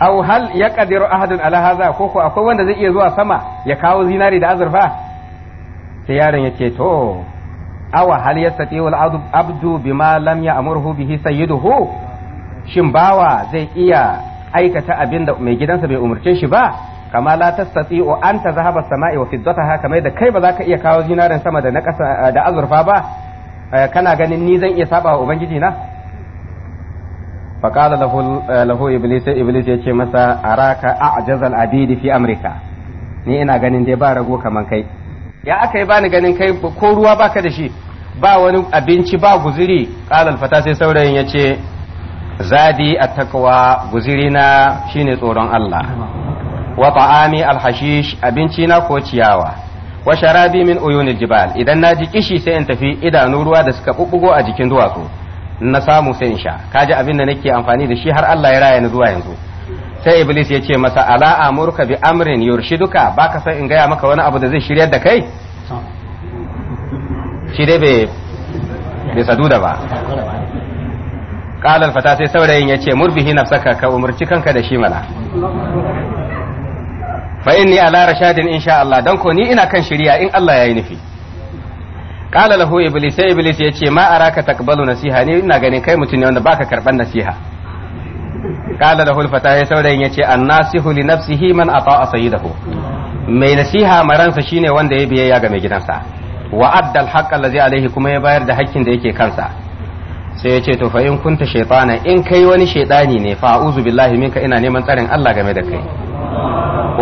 aw hal yaqdiru ahadun ala hadha ko ko akwai wanda zai iya zuwa sama ya kawo zinari da azurfa sai yaron ya ce to awa hal yastati wal abdu bima lam ya'murhu bihi sayyiduhu shin bawa zai iya aikata abin da mai gidansa bai umarce shi ba kama la tastati'u an tazhaba samai wa fiddataha kamar da kai ba za ka iya kawo zinarin sama da na ƙasa eh, da azurfa ba eh, kana ganin ni zan iya saba wa ubangiji na qala lahu eh, lahu iblis iblis yace masa araka a'jazal abidi fi amrika ni ina ganin dai ba rago kaman kai ya aka yi bani ganin kai ko ruwa baka da shi ba wani abinci ba guziri qala fata sai saurayin yace zadi at-taqwa guzirina shine tsoron Allah wa ta'ami alhashish abinci na ko ciyawa wa sharabi min uyunil jibal idan na ji kishi sai in tafi idanu ruwa da suka bubbugo a jikin duwatsu na samu sai in sha kaji abin da nake amfani da shi har Allah ya raya ni zuwa yanzu sai iblis ya ce masa ala amurka bi amrin yurshiduka baka sai in gaya maka wani abu da zai shiryar da kai shi dai bai sadu da ba qala fata sai saurayin ya ce murbihi saka ka umarci kanka da shi mana fa inni ala rashadin insha Allah dan ko ni ina kan shari'a in Allah yayi nufi qala lahu iblis sai iblis ya ce ma araka taqbalu nasiha ni ina ganin kai mutum ne wanda baka karban nasiha qala lahu alfata ya saurayin ya ce annasihu li nafsihi man ata'a sayyidahu mai nasiha maransa shine wanda ya biyayya ga mai gidansa wa adda alhaqqa allazi alaihi kuma ya bayar da hakkin da yake kansa sai ya ce to fa in kunta shaytana in kai wani shaytani ne fa a'udhu billahi minka ina neman tsarin Allah game da kai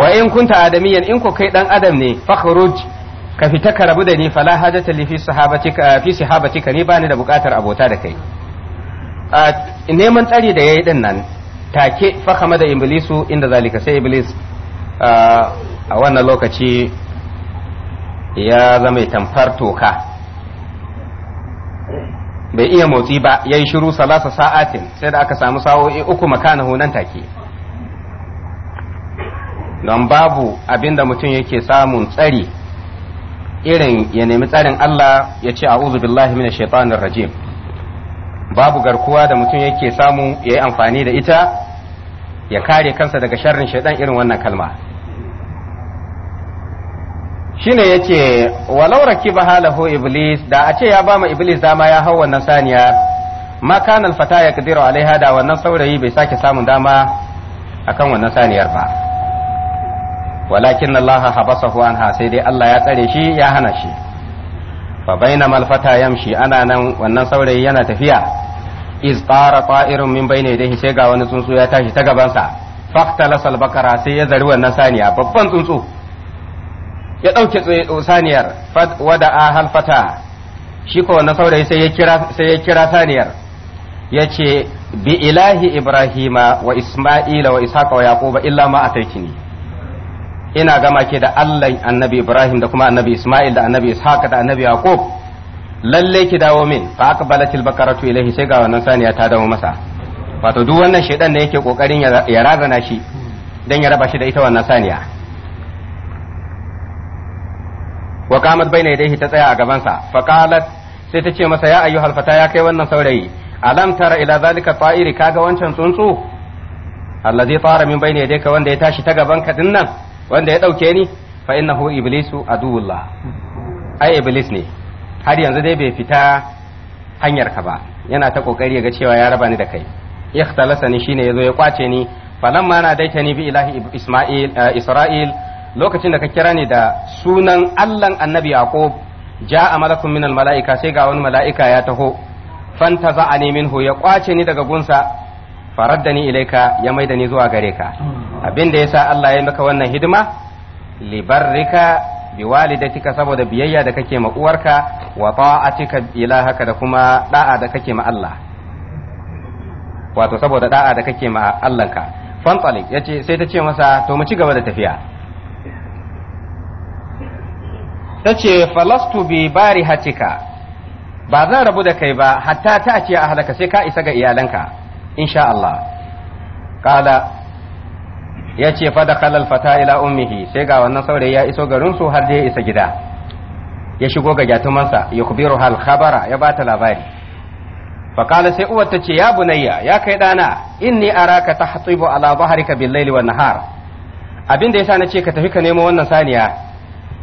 wa in kunta adamiyan in ko kai dan adam ne fakhruj ka fita ka rabu da ni fala hajata li fi sahabatika fi sahabatika ni bani da bukatar abota da kai neman tsari da yayi din nan take fakama da iblisu inda zalika sai iblis a wannan lokaci ya zama tamfar toka bai iya motsi ba yayi shiru salasa sa'atin sai da aka samu sa'o'i uku makana nan take don babu abinda da mutum yake samun tsari irin ya nemi tsarin Allah ya ce a'udhu billahi minash shaitanir rajim babu garkuwa da mutum yake samu ya yi amfani da ita ya kare kansa daga sharrin shaitan irin wannan kalma shine yace walau rakiba halahu iblis da a ce ya ba mu iblis dama ya hau wannan saniya ma kana alfata ya kadiru alaiha da wannan saurayi bai sake samun dama akan wannan saniyar ba walakin Allah habasahu anha sai dai Allah ya tsare shi ya hana shi fa bainama alfata yamshi ana nan wannan saurayi yana tafiya iz tara ta'irun min bayni yadayhi sai ga wani tsuntsu ya tashi ta gabansa faktalasa albakara sai ya zari wannan saniya babban tsuntsu ya ɗauke saniyar wada a halfata shi ko wannan saurayi sai ya kira saniyar yace ce bi ilahi ibrahima wa isma'ila wa ishaqa wa Yakuba illa ma ataitini ina gama ke da Allah annabi Ibrahim da kuma annabi Ismail da annabi Ishaq da annabi Yaqub lalle ki dawo min fa aka balatil bakaratu ilaihi sai ga wannan saniya ta dawo masa wato duk wannan shedan ne yake kokarin ya ragana shi dan ya raba shi da ita wannan saniya wa qamat baina yadayhi ta tsaya a gaban sa fa qalat sai ta ce masa ya ayyuhal fata ya kai wannan saurayi alam tara ila zalika ta'iri kaga wancan tsuntsu allazi tara min bayna yadayka wanda ya tashi ta gaban ka dinnan wanda ya ɗauke ni fa innahu iblisu aduwullah ai iblis ne har yanzu dai bai fita hanyar ka ba yana ta kokari ga cewa ya raba ni da kai ikhtalasa ni shine yazo ya kwace ni ma na daita ni bi ilahi isma'il eh, isra'il lokacin da ka kira ni da sunan allan annabi yaqub ja'a malakun minal mala'ika sai ga wani mala'ika ya taho fantaza ani minhu ya kwace ni daga gunsa faraddani ilaika ya maida ni zuwa gare ka hmm. abin da yasa Allah ya maka wannan hidima libarrika bi walidatika saboda biyayya da kake ma uwarka wa ta'atika ilahaka da kuma da'a da kake ma Allah wato saboda da'a da kake ma Allahnka fantalik yace sai ta ce masa to mu ci gaba da tafiya ta ce falastu bi bari hatika ba zan rabu da kai ba hatta ta ce a halaka sai ka isa ga iyalanka insha Allah kala ya ce fada kalal fata ila ummihi sai ga wannan saurayi ya iso garinsu har da ya isa gida ya shigo ga gyatumansa ya kubiru hal khabara ya bata labari fakala sai uwar ta ce ya bunayya ya kai dana inni araka tahtibu ala dhahrika bil har wan nahar abinda yasa nace ka tafi ka nemo wannan saniya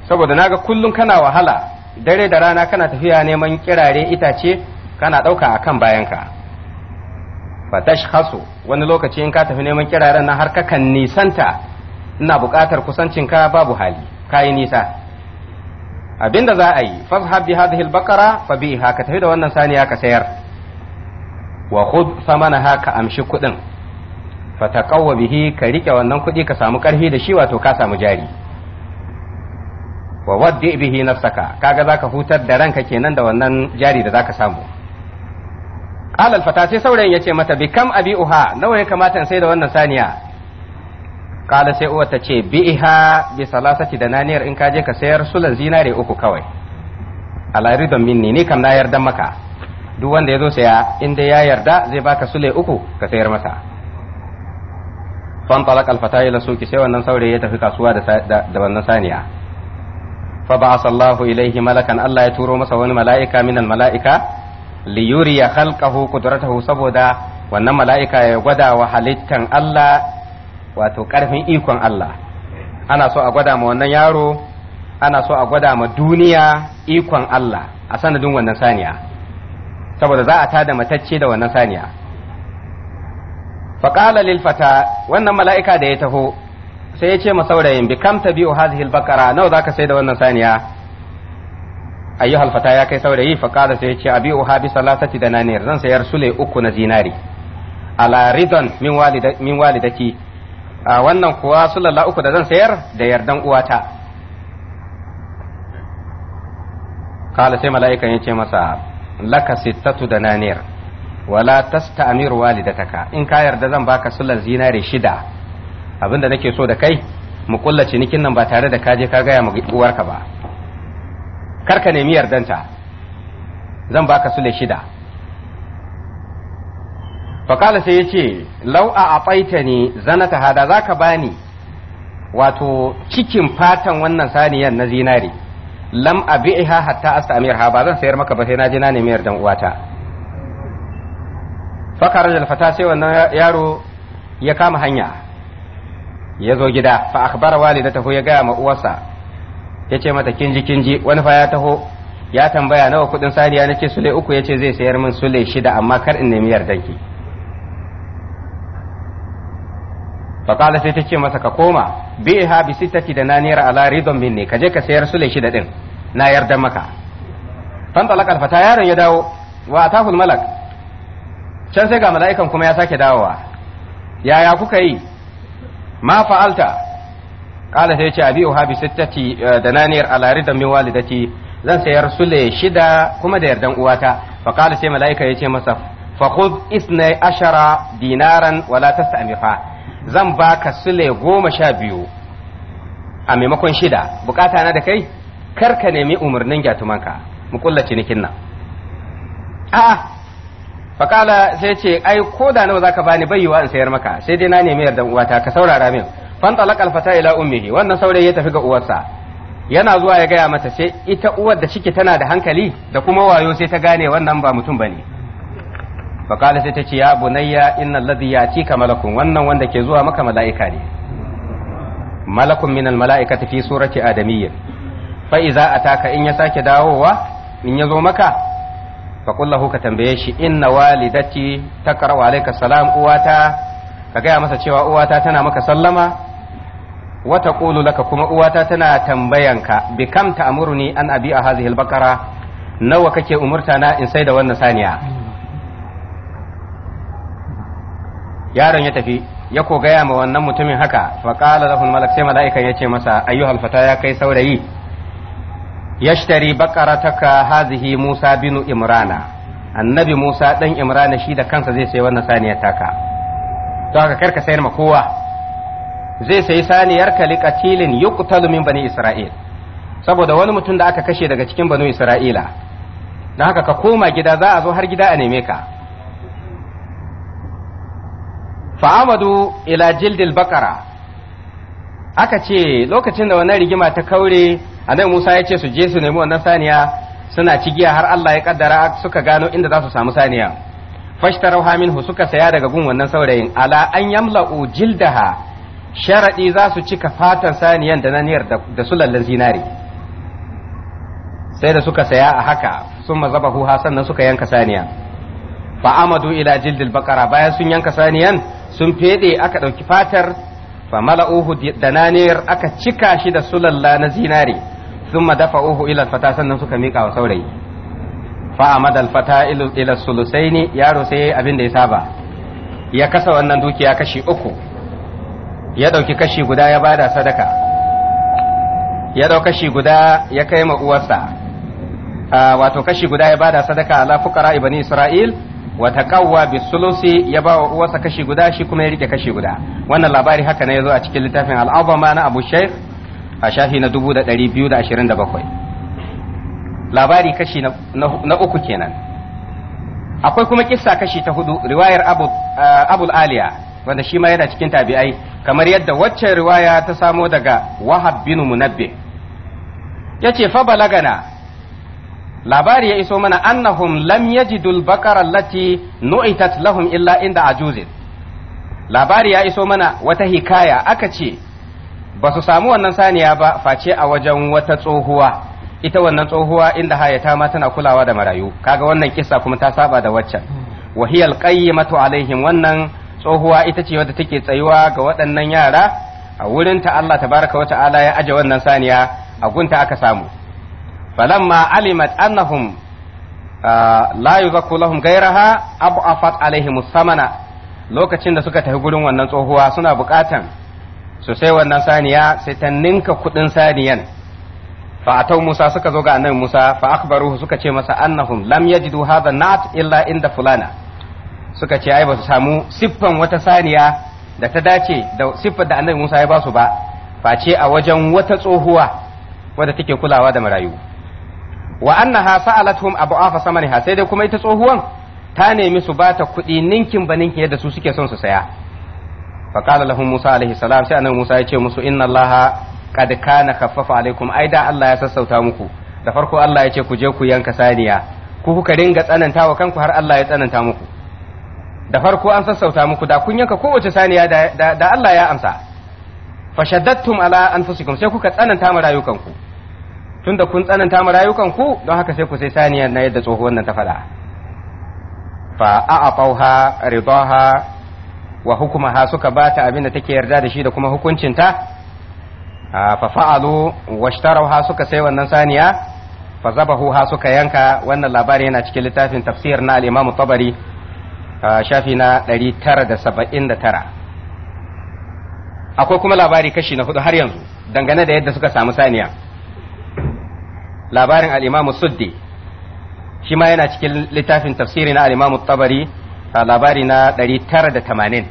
saboda naga kullum kana wahala dare da rana kana tafiya neman kirare itace kana kan bayan bayanka fatashkhasu wani lokaci in ka tafi neman kiraren na har kakan nisanta ina buƙatar kusancin ka babu hali ka yi nisa abinda za a yi fazhab bi hadhihi al-baqara fa biha ka tafi da wannan saniya ka sayar wa khudh thamanaha ka amshi kudin fataqawwa bihi ka rike wannan kudi ka samu karfi da shi wato ka samu jari wa waddi bihi nafsaka kaga zaka hutar da ranka kenan da wannan jari da zaka samu alal fata sai saurayin ya ce mata bi kam abi uha nawa ya kamata sai da wannan saniya kala sai uwar ta ce bi iha bi salasati da naniyar in ka je ka sayar sulan zinare uku kawai alaridon minni ni kam na yarda maka duk wanda ya zo saya in dai ya yarda zai baka sule uku ka sayar masa fan talaq al fata ila suki sai wannan saurayi ya tafi kasuwa da da wannan saniya fa ba'atha ilaihi malakan Allah ya turo masa wani mala'ika minan mala'ika li yuriya khalqahu qudratahu saboda wannan mala'ika ya gwada wa halittan Allah wato ƙarfin ikon Allah ana so a gwada ma wannan yaro ana so a gwada ma duniya ikon Allah a sanadin wannan saniya saboda za a tada matacce da wannan saniya faqala lil fata wannan mala'ika da ya taho sai ya ce ma saurayin bi kam tabi'u hadhihi al-baqara nawa za ka sai da wannan saniya ayyuhal halfata ya kai saurayi fa qala sai ce abi uha bi salasati dananir zan sayar sule uku na zinari ala ridan min walida min walidaki a wannan kuwa sulalla uku da zan sayar da yardan uwata kala sai mala'ikan ce masa laka sittatu dananir wala tasta'mir walidataka in ka yarda zan baka sulan zinari shida abinda nake so da kai mu kullace nikin nan ba tare da kaje ka gaya ma uwarka ba kar ka nemi yardanta zan baka sule shida fakala sai ya ce lau a afaita ne zanata hada za ka bani wato cikin fatan wannan saniyan na zinare lam ha hatta astamir ha ba zan sayar maka ba sai na je na nemi yardan uwata fakar da fata sai wannan yaro ya kama hanya ya zo gida fa akhbara walidatahu ya gaya ma uwarsa ya ce mata kinji kinji wani fa ya taho ya tambaya nawa kudin saniya na ce sule uku ya ce zai sayar min sule shida amma kar in nemi yardanki danki. sai ta ce masa ka koma bi ha bi sitati da naniyar ala ridon min ne ka je ka sayar sule shida din na yarda maka fan talakal fata yaron ya dawo wa atahul malak can sai ga mala'ikan kuma ya sake dawowa yaya kuka yi ma fa'alta kala sai ce abi uha bi sittati eh, dananiyar alari da min walidati zan sayar sule shida kuma da yardan uwata fa kala sai malaika ya ce masa fa khudh isna ashara dinaran wala tastamifa zan baka sule goma sha biyu a maimakon shida bukata na da kai kar ka nemi umarnin gyatumanka mu kulla cinikin nan a'a fakala sai ce ai ko da nawa zaka bani bai yiwa in sayar maka sai dai na nemi yardan uwata ka saurara min fantalaka alfata ila ummihi wannan saurayi ya tafi ga uwarsa yana zuwa ya gaya mata sai ita uwar da ciki tana da hankali da kuma wayo sai ta gane wannan ba mutum bane faqala sai ta ce ya bunayya innal ladhi yatika malakun wannan wanda ke zuwa maka mala'ika ne malakun minal mala'ikati fi surati adamiyyin fa iza ataka in ya sake dawowa in ya zo maka fa qul ka tambaye shi inna walidati takrawu alayka salam uwata ka gaya masa cewa uwata tana maka sallama wata ƙulu laka kuma uwata tana tambayanka bi kam ta amuruni an abi a hazihil bakara nawa kake umurta na in sai da wannan saniya yaron ya tafi ya ko gaya ma wannan mutumin haka fa qala lahu sai mala'ikan ya ce masa ayyuhal fata ya kai saurayi yashtari baqarataka hazihi musa binu imrana annabi musa ɗan imrana shi da kansa zai sai wannan saniya taka to haka karka sayar ma kowa zai sayi saniyar ka katilin yuqtalu min bani isra'il saboda wani mutum da aka kashe daga cikin banu isra'ila na haka ka koma gida za a zo har gida a neme ka fa'amadu ila jildil bakara aka ce lokacin da wannan rigima ta kaure annabi Musa ya ce su je su nemi wannan saniya suna cigiya har Allah ya kaddara suka gano inda za su samu saniya fashtarau minhu suka saya daga gun wannan saurayin ala an yamla'u jildaha sharaɗi za su cika fatan saniyan da naniyar da sulallen zinari sai da suka saya a haka sun mazaba huha sannan suka yanka saniya fa amadu ila jildil bakara bayan sun yanka saniyan sun fede aka ɗauki fatar fa mala'uhu da naniyar aka cika shi da sulalla na zinari sun madafa uhu ila fata sannan suka miƙa wa saurayi fa amada fata ila sulusaini yaro sai abin da ya saba ya kasa wannan dukiya kashi uku ya ɗauki kashi guda ya bada sadaka ya ɗau kashi guda ya kai ma uwarsa ah, wato kashi guda ya bada sadaka ala fuqara ibani isra'il wa taqawwa bisulusi ya ba uwarsa kashi guda shi kuma ya rike kashi guda wannan labari haka ne yazo a cikin littafin al'azama na abu shaykh a shafi na 2227 labari kashi na uku kenan akwai kuma kissa kashi ta hudu riwayar abu ah, abul aliya wanda shi ma yana cikin tabi'ai kamar yadda waccan riwaya ta samo daga wahab bin munabbi ya ce fa balagana labari ya iso mana annahum lam yajidul baqara allati nu'itat lahum illa inda ajuzin labari ya iso mana wata hikaya aka ce ba su samu wannan saniya ba face a wajen wata tsohuwa ita wannan tsohuwa inda hayata ma tana kulawa da marayu kaga wannan kissa kuma ta saba da waccan wahiyal qayyimatu alaihim wannan tsohuwa ita ce wadda take tsayuwa ga waɗannan yara a wurinta Allah tabaraka wa ta'ala ya aje wannan saniya a gunta aka samu falamma alimat annahum ah, la yuzakku lahum gairaha ab'afat alaihim samana lokacin da suka tafi gurin wannan tsohuwa suna buƙatan su sai wannan saniya sai ta ninka kuɗin saniyan fa atau Musa suka zo ga annabi Musa fa akbaruhu suka ce masa annahum lam yajidu hadha na'at illa inda fulana suka ce ai ba su samu siffan wata saniya da ta dace da siffar da annabi Musa ya ba su ba face a wajen wata tsohuwa wadda take kulawa da marayu wa annaha sa'alathum abu'afa samaniha sai dai kuma ita tsohuwan ta nemi su bata kuɗi ninkin ba ninkin yadda su suke son su saya fa qala lahum Musa alaihi salam sai annabi Musa ya ce musu inna Allaha qad kana khaffafa alaikum ai da Allah ya sassauta muku da farko Allah ya ce ku je ku yanka saniya ku kuka ringa tsananta wa kanku har Allah ya tsananta muku da farko an sassauta muku da kun yanka kowace saniya da Allah ya amsa fashaddattum ala anfusikum sai kuka tsananta ma rayukanku tunda kun tsananta ma rayukanku don haka sai ku sai saniya na yadda tsohon nan ta faɗa fa a'atawha ridaha wa hukumaha suka bata abin da take yarda da shi da kuma hukuncinta fa fa'alu washtarawha suka sai wannan saniya fa ha suka yanka wannan labari yana cikin littafin tafsir na al-Imam Tabari shafi na 979 akwai kuma labari kashi na hudu har yanzu dangane da yadda suka samu saniya labarin al'imamu suddi shi ma yana cikin littafin tafsiri na al'imamu tabari labari na 980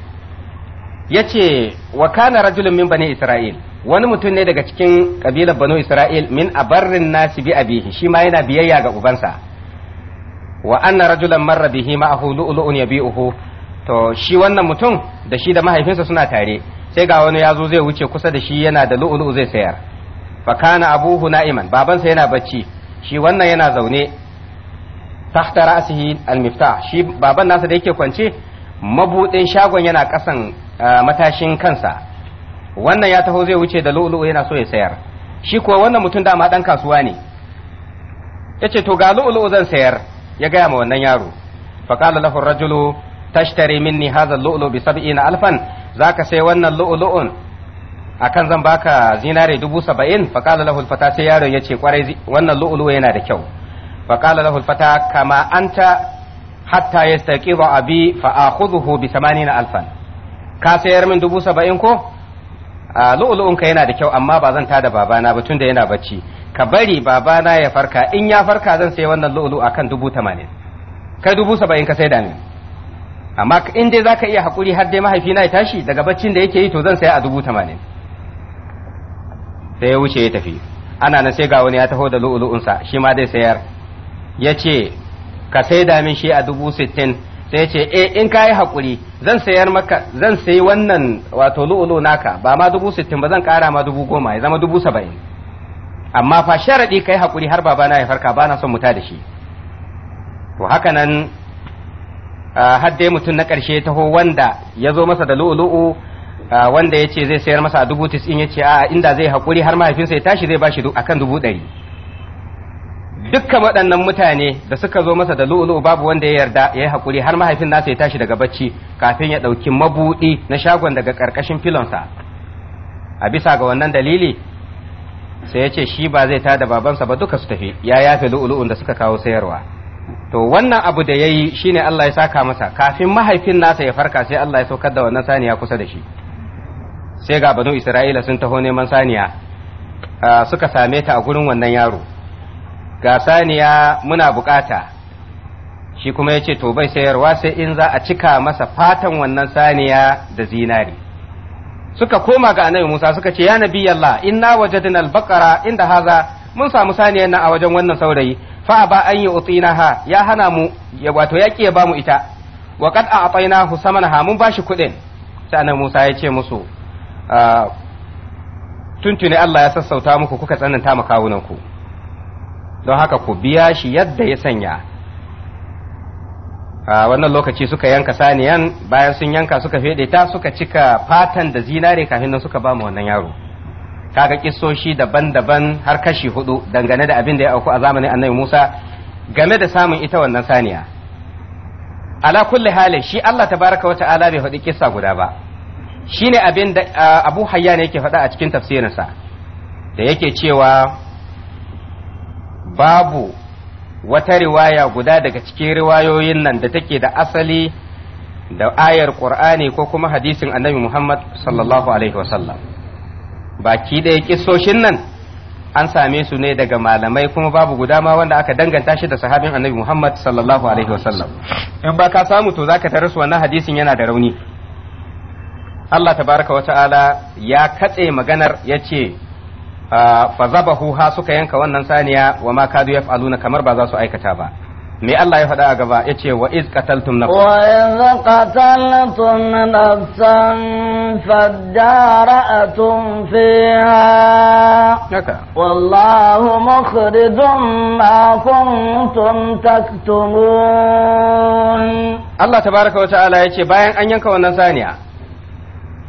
ya ce wa kana rajulun min bani isra'il wani mutum ne daga cikin kabilar banu isra'il min abarrin nasi bi abihi shi ma yana biyayya ga ubansa wa anna rajulan marra bihi ma'ahu lu'lu'un yabi'uhu to shi wannan mutum da shi da mahaifinsa suna tare sai ga wani yazo zai wuce kusa da shi yana da lu'lu'u zai sayar fa kana abuhu na'iman babansa yana bacci shi wannan yana zaune tahta ra'sihi al-miftah shi baban nasa da yake kwance mabudin shagon yana kasan matashin kansa wannan ya taho zai wuce da lu'lu'u yana so ya sayar shi kuwa wannan mutum dama dan kasuwa ne yace to ga lu'lu'u zan sayar ya gaya ma wannan yaro faqala lahu rajulu tashtari minni haza al-lu'lu bi 70 alfan za ka sai wannan lu'lu'un akan zan baka zinare dubu saba'in faqala lahu al-fata sai yaron ya ce kwarai wannan lu'lu yana da kyau faqala lahu al-fata kama anta hatta yastaqidha abi fa akhudhuhu bi 80 alfan ka sayar min dubu saba'in ko a ka yana da kyau amma ba zan tada babana ba tunda yana bacci ka bari babana ya farka in ya farka zan sai wannan lu'ulu akan dubu tamanin kai dubu saba'in ka sai da ni amma in dai zaka iya hakuri har dai mahaifina ya tashi daga baccin da yake yi to zan saya a dubu tamanin sai ya wuce ya tafi ana nan sai ga wani ya taho da lu'ulu'unsa shi ma dai sayar ya ce ka sai da min shi a dubu sittin sai ya ce e in ka yi haƙuri zan sayar maka zan sayi wannan wato lu'ulu naka ba ma dubu sittin ba zan ƙara ma dubu goma ya zama dubu saba'in amma fa sharaɗi kai haƙuri har babana ya farka bana son muta da shi to haka nan har dai mutum na ƙarshe taho wanda ya zo masa da lu'ulu'u wanda ya ce zai sayar masa dubu tis'in ya ce a inda zai haƙuri har mahaifinsa ya tashi zai bashi a kan dubu ɗari dukkan waɗannan mutane da suka zo masa da lu'ulu'u babu wanda ya yarda ya yi haƙuri har mahaifin nasa ya tashi daga bacci kafin ya ɗauki mabuɗi na shagon daga ƙarƙashin filonsa a bisa ga wannan dalili sai ya ce shi ba zai tada babansa ba duka su tafi ya yafe lu'ulu'un da suka kawo sayarwa to wannan abu da yayi shine Allah ya saka masa kafin mahaifin nasa ya farka sai Allah ya saukar da wannan saniya kusa da shi sai ga banu Isra'ila sun taho neman saniya ah, suka same ta a gurin wannan yaro ga saniya muna bukata shi kuma ya ce to bai sayarwa sai in za a cika masa fatan wannan saniya da zinari suka koma ga annabi Musa suka ce ya nabi Allah inna wajadna al-baqara inda haza mun samu saniyar nan a wajen wannan saurayi fa ba an yi utinaha ya hana mu ya wato ya ya bamu ita wa qad a'tainahu samanaha mun bashi kudin sai annabi Musa ya ce musu ah, tuntuni Allah ya sassauta muku kuka tsananta makawunan kawunanku. don haka ku biya shi yadda ya sanya a wannan lokaci suka yanka saniyan bayan sun yanka suka fede ta suka cika fatan da zinare kafin nan suka ba mu wannan yaro kaga kissoshi daban-daban har kashi hudu dangane da abin da ya auku a zamanin annabi Musa game da samun ita wannan saniya ala kulli hali shi Allah tabaraka wa ta'ala bai faɗi kissa guda ba shine abin da Abu Hayyan yake faɗa a cikin tafsirinsa da yake cewa babu wata riwaya guda daga cikin riwayoyin nan da take da asali da ayar qur'ani ko kuma hadisin annabi Muhammad sallallahu Alaihi wasallam. Baki ɗaya kisoshin nan an same su ne daga malamai kuma babu guda ma wanda aka danganta shi da sahabin annabi Muhammad sallallahu Alaihi wasallam. In ba ka samu to zaka tarar su wannan hadisin yana da rauni. Allah tabaraka wa ta'ala ya katse maganar ya ce fa zabahu ha suka yanka wannan saniya wa ma kadu yaf'aluna kamar ba za su aikata ba me Allah ya faɗa a gaba ya ce wa iz qataltum nafsan wa iz qataltum nafsan fadara'atum fiha haka wallahu mukhrijum ma kuntum taktumun Allah tabaraka wa ta'ala ya ce bayan an yanka wannan saniya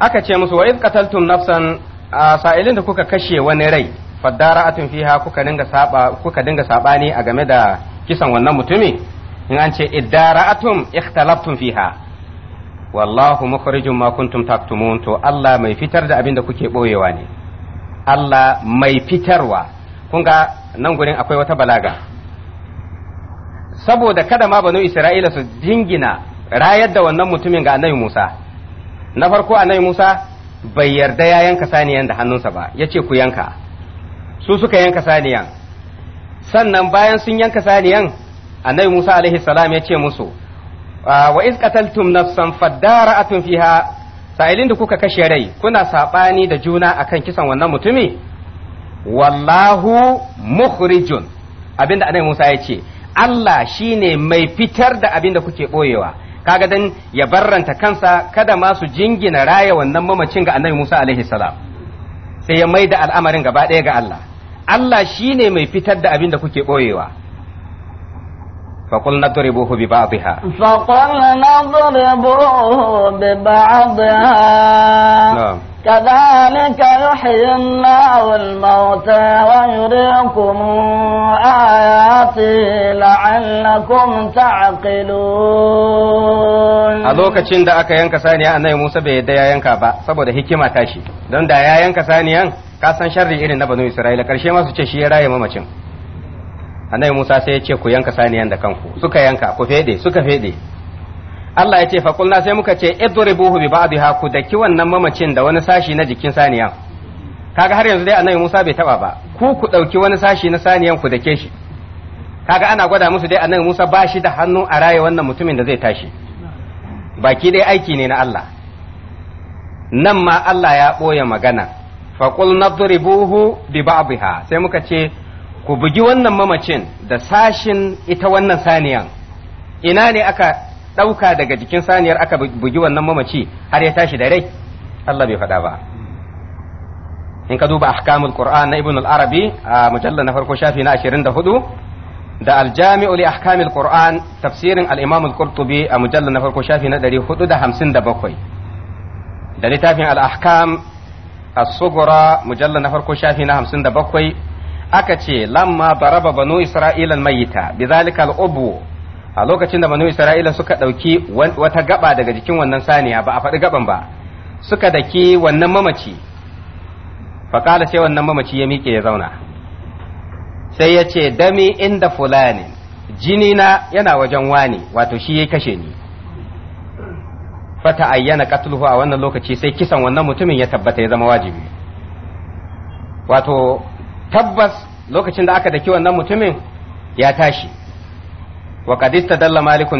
aka ce musu wa iz qataltum nafsan a sa'ilin da kuka kashe wani rai atun fiha kuka dinga saba kuka dinga sabani a game da kisan wannan mutumin in an ce iddara'atum ikhtalaftum fiha wallahu mukhrijum ma kuntum taktumun to Allah mai fitar da abin da kuke boyewa ne Allah mai fitarwa kun ga nan gurin akwai wata balaga saboda kada ma banu Isra'ila su jingina rayar da wannan mutumin ga Annabi Musa na farko Annabi Musa bai yarda ya yanka saniyan da hannunsa ba ya ce ku yanka su suka yanka saniyan sannan bayan sun yanka saniyan annabi musa alaihi salam ya ce musu ah, wa iz qataltum nafsan fadara'atun fiha sa'ilin da kuka kashe rai kuna sabani da juna akan kisan wannan mutumi wallahu mukhrijun abinda annabi musa ya ce Allah shine mai fitar da abinda kuke boyewa kaga dan ya barranta kansa kada ma su jingina raya wannan mamacin ga annabi Musa alaihi salam sai ya maida al'amarin gaba ɗaya ga Allah Allah shine mai fitar da abin da kuke boyewa فقلنا اضربوه ببعضها فقلنا اضربوه ببعضها نعم كذلك يحيي الله الموتى ويريكم آياته لعلكم تعقلون a lokacin da aka yanka saniya annabi Musa bai yadda ya yanka ba saboda hikima ta shi don da ya yanka saniyan ka san sharri irin na banu Isra'ila karshe ma su ce shi ya raye mamacin annabi Musa sai ya ce ku yanka saniyan da kanku suka yanka ku fede suka fede Allah ya ce fakulna sai muka ce idribuhu bi ba'dha ku daki wannan mamacin da wani sashi na jikin saniya kaga har yanzu dai annabi Musa bai taba ba ku ku dauki wani sashi na saniyan ku dake shi kaga ana gwada musu dai annabi Musa ba shi da hannu a raye wannan mutumin da zai tashi baki dai aiki ne na Allah nan ma Allah ya ɓoye magana faƙul nadribuhu bi ba'dha sai muka ce ku bugi wannan mamacin da sashin ita wannan saniyan ina ne aka ɗauka daga jikin saniyar aka bugi wannan mamaci har ya tashi da rai Allah bai faɗa ba in ka duba ahkamul qur'an na ibn al-arabi a mujallar na farko shafi na 24 da al-jami'u li ahkamil qur'an tafsirin al-imam al-qurtubi a mujallar na farko shafi na 457 da littafin al-ahkam as-sughra mujallar na farko shafi na 57 aka ce lamma baraba banu isra'ila al-mayyita bidhalika al-ubu a lokacin da banu isra'ila suka ɗauki wata gaba daga jikin wannan saniya ba a faɗi gaban ba suka daki wannan mamaci faƙala sai wannan mamaci ya miƙe ya zauna sai ya ce dami inda fulani na yana wajen wani wato shi ya kashe ni fata ayyana katulhu a wannan lokaci sai kisan wannan mutumin ya tabbata ya zama wajibi wato tabbas lokacin da aka daki wannan mutumin ya tashi وقد استدل مالك malikun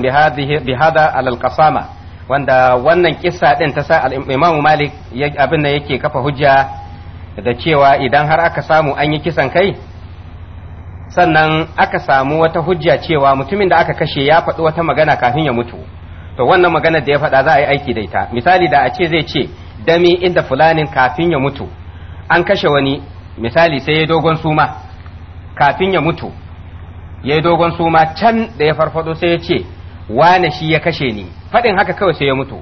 بهذا على القصامة وندا wanda wannan kissa din ta sa al-imam malik abin da yake kafa hujja da cewa idan har aka samu an yi kisan kai sannan aka samu wata hujja cewa mutumin da aka kashe ya faɗi wata magana kafin ya mutu to wannan magana da ya faɗa za a yi aiki da ita misali da a ce zai ce dami inda fulanin kafin ya mutu an kashe wani misali sai ya dogon suma kafin ya mutu ya yi dogon suma can da ya farfado sai ya ce wane shi ya kashe ni faɗin haka kawai sai ya mutu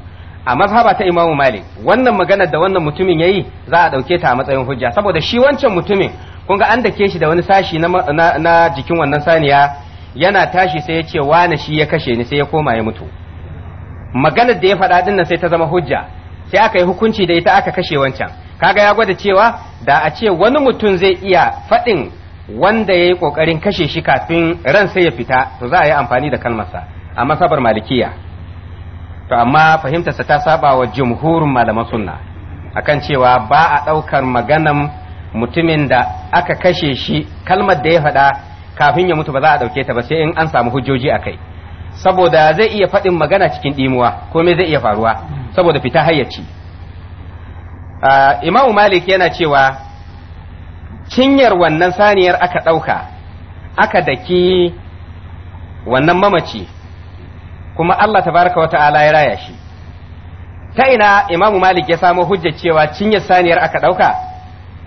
a mazhaba ta imamu malik wannan maganar da wannan mutumin ya yi za a ɗauke ta a matsayin hujja saboda shi wancan mutumin kun ga an dake shi da wani sashi na, jikin wannan saniya yana tashi sai ya ce wane shi ya kashe ni sai ya koma ya mutu maganar da ya faɗa ɗin nan sai ta zama hujja sai aka yi hukunci da ita aka kashe wancan kaga ya gwada cewa da a ce wani mutum zai iya faɗin wanda ya yi ƙoƙarin kashe shi kafin ran sai ya fita to za a yi amfani da kalmarsa a masabar malikiya to amma fahimtarsa ta saba wa jumhurin malaman sunna akan cewa ba a ɗaukar maganan mutumin da aka kashe shi kalmar da ya faɗa kafin ya mutu ba za a ɗauke ta ba sai in an samu hujjoji a kai saboda zai iya faɗin magana cikin ɗimuwa komai zai iya faruwa saboda fita hayyaci ah, imamu malik yana cewa cinyar wannan saniyar aka ɗauka aka daki wannan mamaci kuma Allah baraka wa ta'ala ya raya shi ta ina imamu malik ya samo hujjar cewa cinyar saniyar aka ɗauka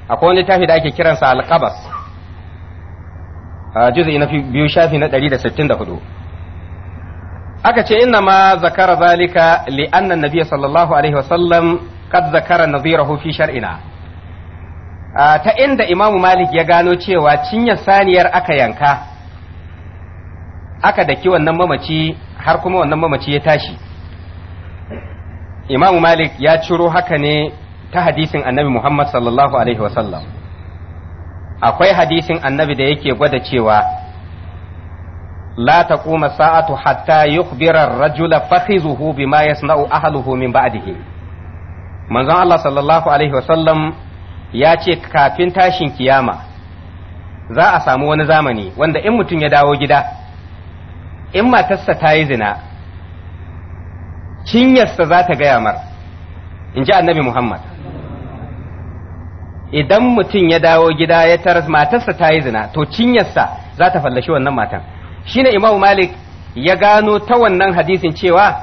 akwai wani tafi da ake kiransa alƙabas a juzi na biyu shafi na 164 aka ce inna ma zakara zalika li anna nabiyya sallallahu alaihi wasallam kad zakara nadhirahu fi shar'ina Ah, ta inda imamu malik ya gano cewa cinyar saniyar aka yanka aka daki wannan mamaci har kuma wannan mamaci ya tashi imamu malik ya ciro haka ne ta hadisin annabi muhammad sallallahu alaihi wasallam akwai hadisin annabi da yake gwada cewa la kuma sa'atu hatta yukhbira ar-rajula fakhizuhu bima yasna'u ahluhu min ba'dihi manzon Allah sallallahu alaihi wasallam ya ce kafin tashin kiyama za a samu wani zamani wanda in mutum ya dawo gida in matarsa ta yi zina cinyarsa za ta gaya mar in ji annabi muhammad idan mutum ya dawo gida ya taras matarsa ta yi zina to cinyarsa za ta fallashi wannan matan shine imamu malik ya gano ta wannan hadisin cewa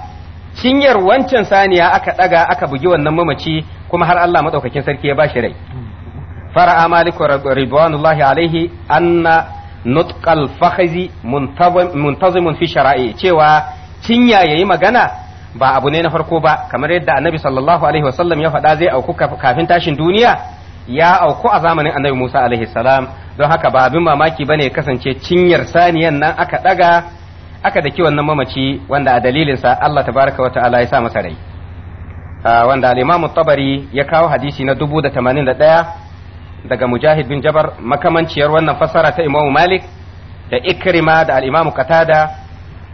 cinyar wancan saniya aka ɗaga aka bugi wannan mamaci kuma har Allah madaukakin sarki ya ba shi rai fara'a maliku ridwanullahi alaihi anna nutqal fakhzi muntazimun fi shara'i cewa cinya yayi magana ba abu ne na farko ba kamar yadda annabi sallallahu alaihi wasallam ya faɗa zai auku kafin tashin duniya ya auku a zamanin annabi Musa alaihi salam don haka ba abin mamaki bane kasance cinyar saniyan nan aka daga aka da daki wannan mamaci wanda a dalilinsa Allah tabaraka wa ta'ala ya sa masa rai wanda al-Imam tabari ya kawo hadisi na 1081 daga Mujahid bin Jabar makamanciyar wannan fasara ta Imam Malik da Ikrima da al katada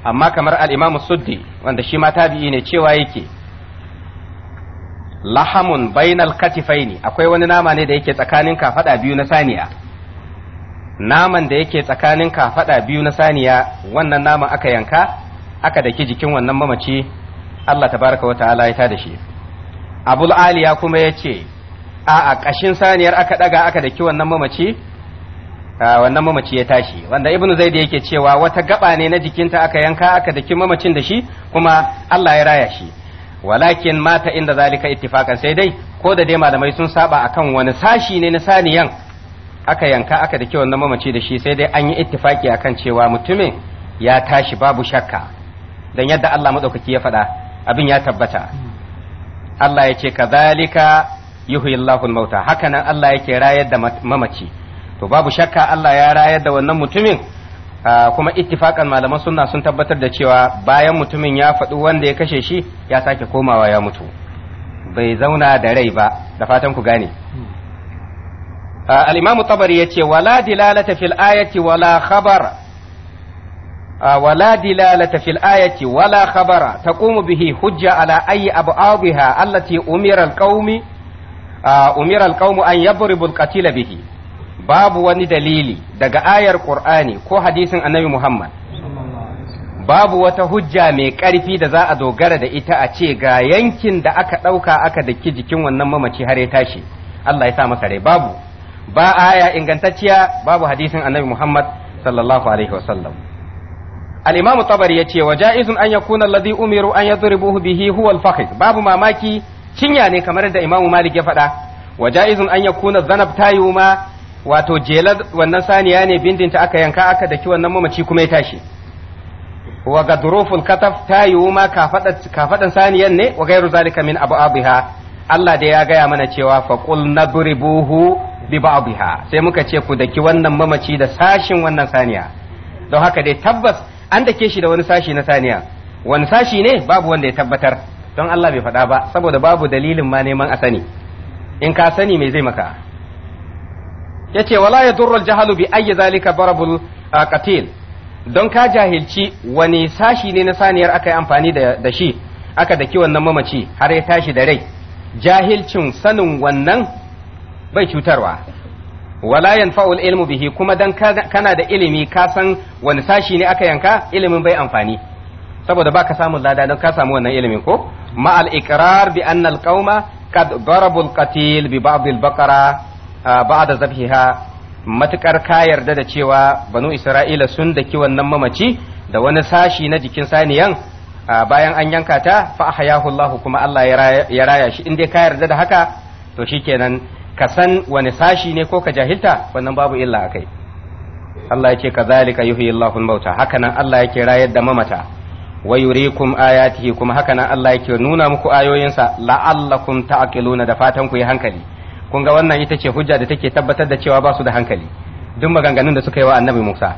amma kamar al Suddi wanda shi ma tabi'i ne cewa yake lahamun bainal katifaini akwai wani nama ne da yake tsakanin kafada biyu na saniya naman da yake tsakanin kafada biyu na saniya wannan nama aka yanka aka daki jikin wannan mamaci Allah tabaraka wa ta'ala ya tada shi abul aliya kuma ya ce a a ƙashin saniyar aka ɗaga aka da ki wannan mamaci wannan mamaci ya tashi wanda ibnu zaid yake cewa wata gaba ne na jikinta aka yanka aka da ki mamacin da shi kuma Allah ya raya shi walakin mata inda zalika ittifaqan sai dai ko da dai malamai sun saba akan wani sashi ne na saniyan aka yanka aka da ki wannan mamaci da shi sai dai an yi ittifaki akan cewa mutumin ya tashi babu shakka don yadda Allah madaukaki ya faɗa abin ya tabbata Allah ya ce ka yuhyi Allahu mauta haka nan Allah yake rayar da mamaci to babu shakka Allah ya rayar da wannan mutumin kuma ittifakan malaman sunna sun tabbatar da cewa bayan mutumin ya faɗi wanda ya kashe shi ya sake komawa ya mutu bai zauna da rai ba da fatan ku gane hmm. al-imam tabari yace wala dilalata fil ayati wala khabar ولا دلالة في الآية ولا خبر تقوم به حجة على أي أبعادها التي أمر القوم أمر القوم أن يضربوا القتيل به باب وندليل دقا آية القرآن كو حديث النبي محمد babu wata hujja mai ƙarfi da za a dogara da ita a ce ga yankin da aka ɗauka aka daki jikin wannan mamaci har ya tashi Allah ya sa masa rai babu ba aya ingantacciya babu hadisin annabi Muhammad sallallahu alaihi wasallam al-imam tabari ya wa ja'izun an yakuna alladhi umiru an yadribuhu bihi huwa al babu mamaki cinya ne kamar da imam malik ya faɗa wa ja'izun an yakuna dhanab tayuma wato jelar wannan saniya ne bindinta aka yanka aka daki wannan mamaci kuma ya tashi wa gadruful kataf tayuma kafadan saniyan ne wa gairu zalika min abu abiha Allah da ya gaya mana cewa faƙul na duribuhu bi ba'dha sai muka ce ku daki wannan mamaci da sashin wannan saniya don haka dai tabbas an dake shi da wani sashi na saniya wani sashi ne babu wanda ya tabbatar don Allah bai faɗa ba saboda babu dalilin ma neman a sani in ka sani mai zai maka yace wala yadurru al-jahlu bi ayyi zalika barabul qatil don ka jahilci wani sashi ne na saniyar aka yi amfani da shi aka daki wannan mamaci har ya tashi da rai jahilcin sanin wannan bai cutarwa wala yanfa'ul ilmu bihi kuma dan kana da ilimi ka san wani sashi ne aka yanka ilimin bai amfani saboda baka samun lada dan ka samu wannan ilimin ko ma'al iqrar bi anna al-qauma qad darabu al-qatil bi ba'd al-baqara ah, zabhiha matukar ka yarda da cewa banu isra'ila sun daki wannan mamaci da wani sashi na jikin saniyan ah, bayan an yanka ta fa ahyahu Allah kuma Allah ya raya shi in dai ka yarda da haka to shikenan ka san wani sashi ne ko ka jahilta wannan babu illa a kai Allah ya ce ka zalika yuhi Allah mauta hakanan Allah yake rayar da mamata wa yurikum ayatihi kuma hakanan Allah yake nuna muku ayoyinsa la'allakum ta'qiluna da fatan ku yi hankali kun ga wannan ita ce hujja da take tabbatar da cewa ba su da hankali duk maganganun da suka yi wa annabi Musa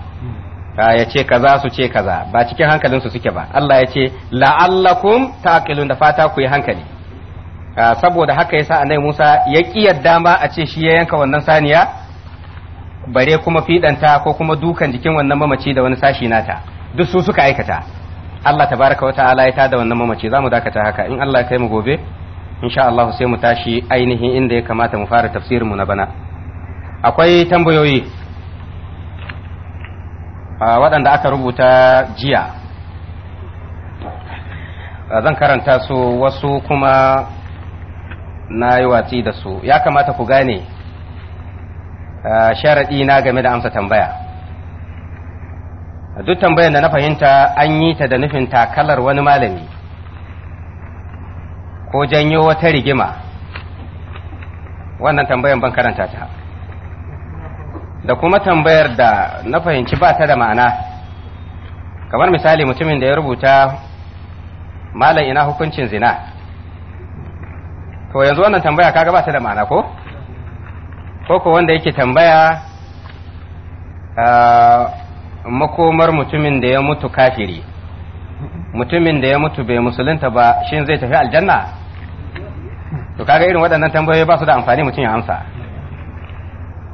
ya ce kaza su ce kaza ba cikin hankalinsu suke ba Allah ya ce la'allakum ta'qilun da fata ku yi hankali Ah, saboda haka yasa annabi Musa ya ki yadda ma a ce shi ya yanka wannan saniya bare kuma fidanta ko kuma dukan jikin wannan mamaci da wani sashi nata duk su suka aikata Allah tabaraka wata'ala ya tada wannan mamaci zamu dakata haka in Allah ya kai mu gobe insha Allah sai mu tashi ainihin inda ya kamata mu fara tafsirin mu na bana akwai tambayoyi ah, waɗanda aka rubuta jiya ah, zan karanta su wasu kuma na yi watsi da su ya kamata ku gane sharaɗi na game da amsa tambaya duk tambayar da na fahimta an yi ta da nufin takalar wani malami ko janyo wata rigima wannan tambayar ban karanta ta da kuma tambayar da na fahimci ba ta da ma'ana kamar misali mutumin da ya rubuta malam ina hukuncin zina to yanzu wannan tambaya kaga ba ta da ma'ana ko ko ko wanda yake tambaya makomar mutumin da ya mutu kafiri mutumin da ya mutu bai musulunta ba shin zai tafi aljanna to kaga irin waɗannan tambayoyi ba su da amfani mutum ya amsa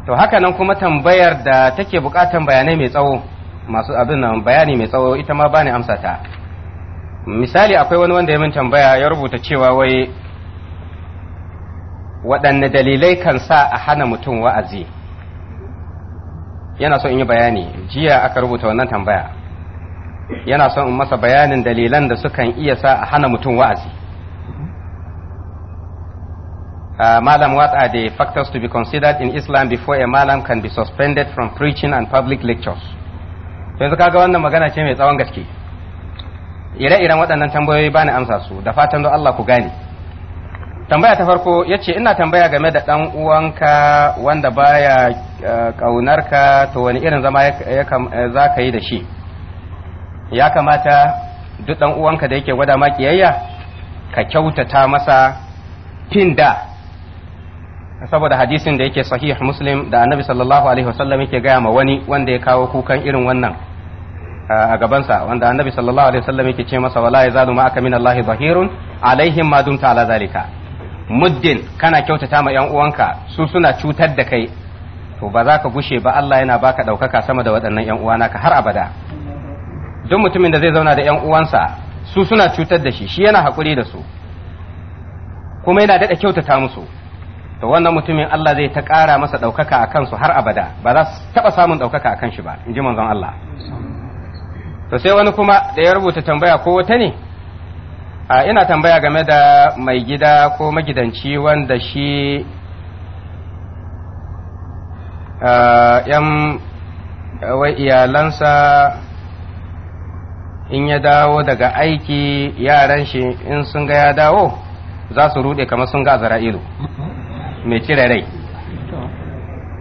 to haka nan kuma tambayar da take buƙatan bayanai mai tsawo masu abin nan bayani mai tsawo ita ma bani amsa ta misali akwai wani wanda ya min tambaya ya rubuta cewa wai waɗanne dalilai kan sa a hana mutum wa'azi yana so in yi bayani jiya aka rubuta wannan tambaya yana son in masa bayanin dalilan da sukan iya sa a hana mutum wa'azi uh, malam what are the factors to be considered in islam before a malam can be suspended from preaching and public lectures yanzu kaga wannan magana ce mai tsawon gaske ire-iren waɗannan tambayoyi ba ni amsa su da fatan don allah ku gane tambaya ta farko ya ce ina tambaya game da ɗan uwanka wanda baya eh, ƙaunarka to wani irin zama eh, za ka yi da shi ya kamata duk ɗan uwanka da yake gwada maƙiyayya kiyayya ka kyautata masa fin da saboda hadisin da yake sahih muslim da annabi sallallahu alaihi wasallam yake gaya ma wani wanda ya kawo kukan irin wannan eh, a gabansa wanda annabi sallallahu alaihi wasallam yake ce masa wala yazalu ma'aka min allahi zahirun alaihim ma dumta zalika muddin kana kyautata ma yan uwanka su suna cutar da kai to ba za ka gushe ba Allah yana baka ɗaukaka sama da waɗannan yan uwa naka har abada duk mutumin da zai zauna da yan uwansa su suna cutar da shi shi yana haƙuri da su kuma yana daɗa kyautata musu to wannan mutumin Allah zai ta ƙara masa ɗaukaka a kansu har abada ba za su taɓa samun ɗaukaka a kan shi ba in ji manzon Allah to sai wani kuma da ya rubuta tambaya ko wata ne a ina tambaya game da mai gida ko magidanci wanda shi yan wai iyalansa in ya dawo daga aiki yaran shi in sun ga ya dawo za su rude kamar sun ga zara'ilu mai cire rai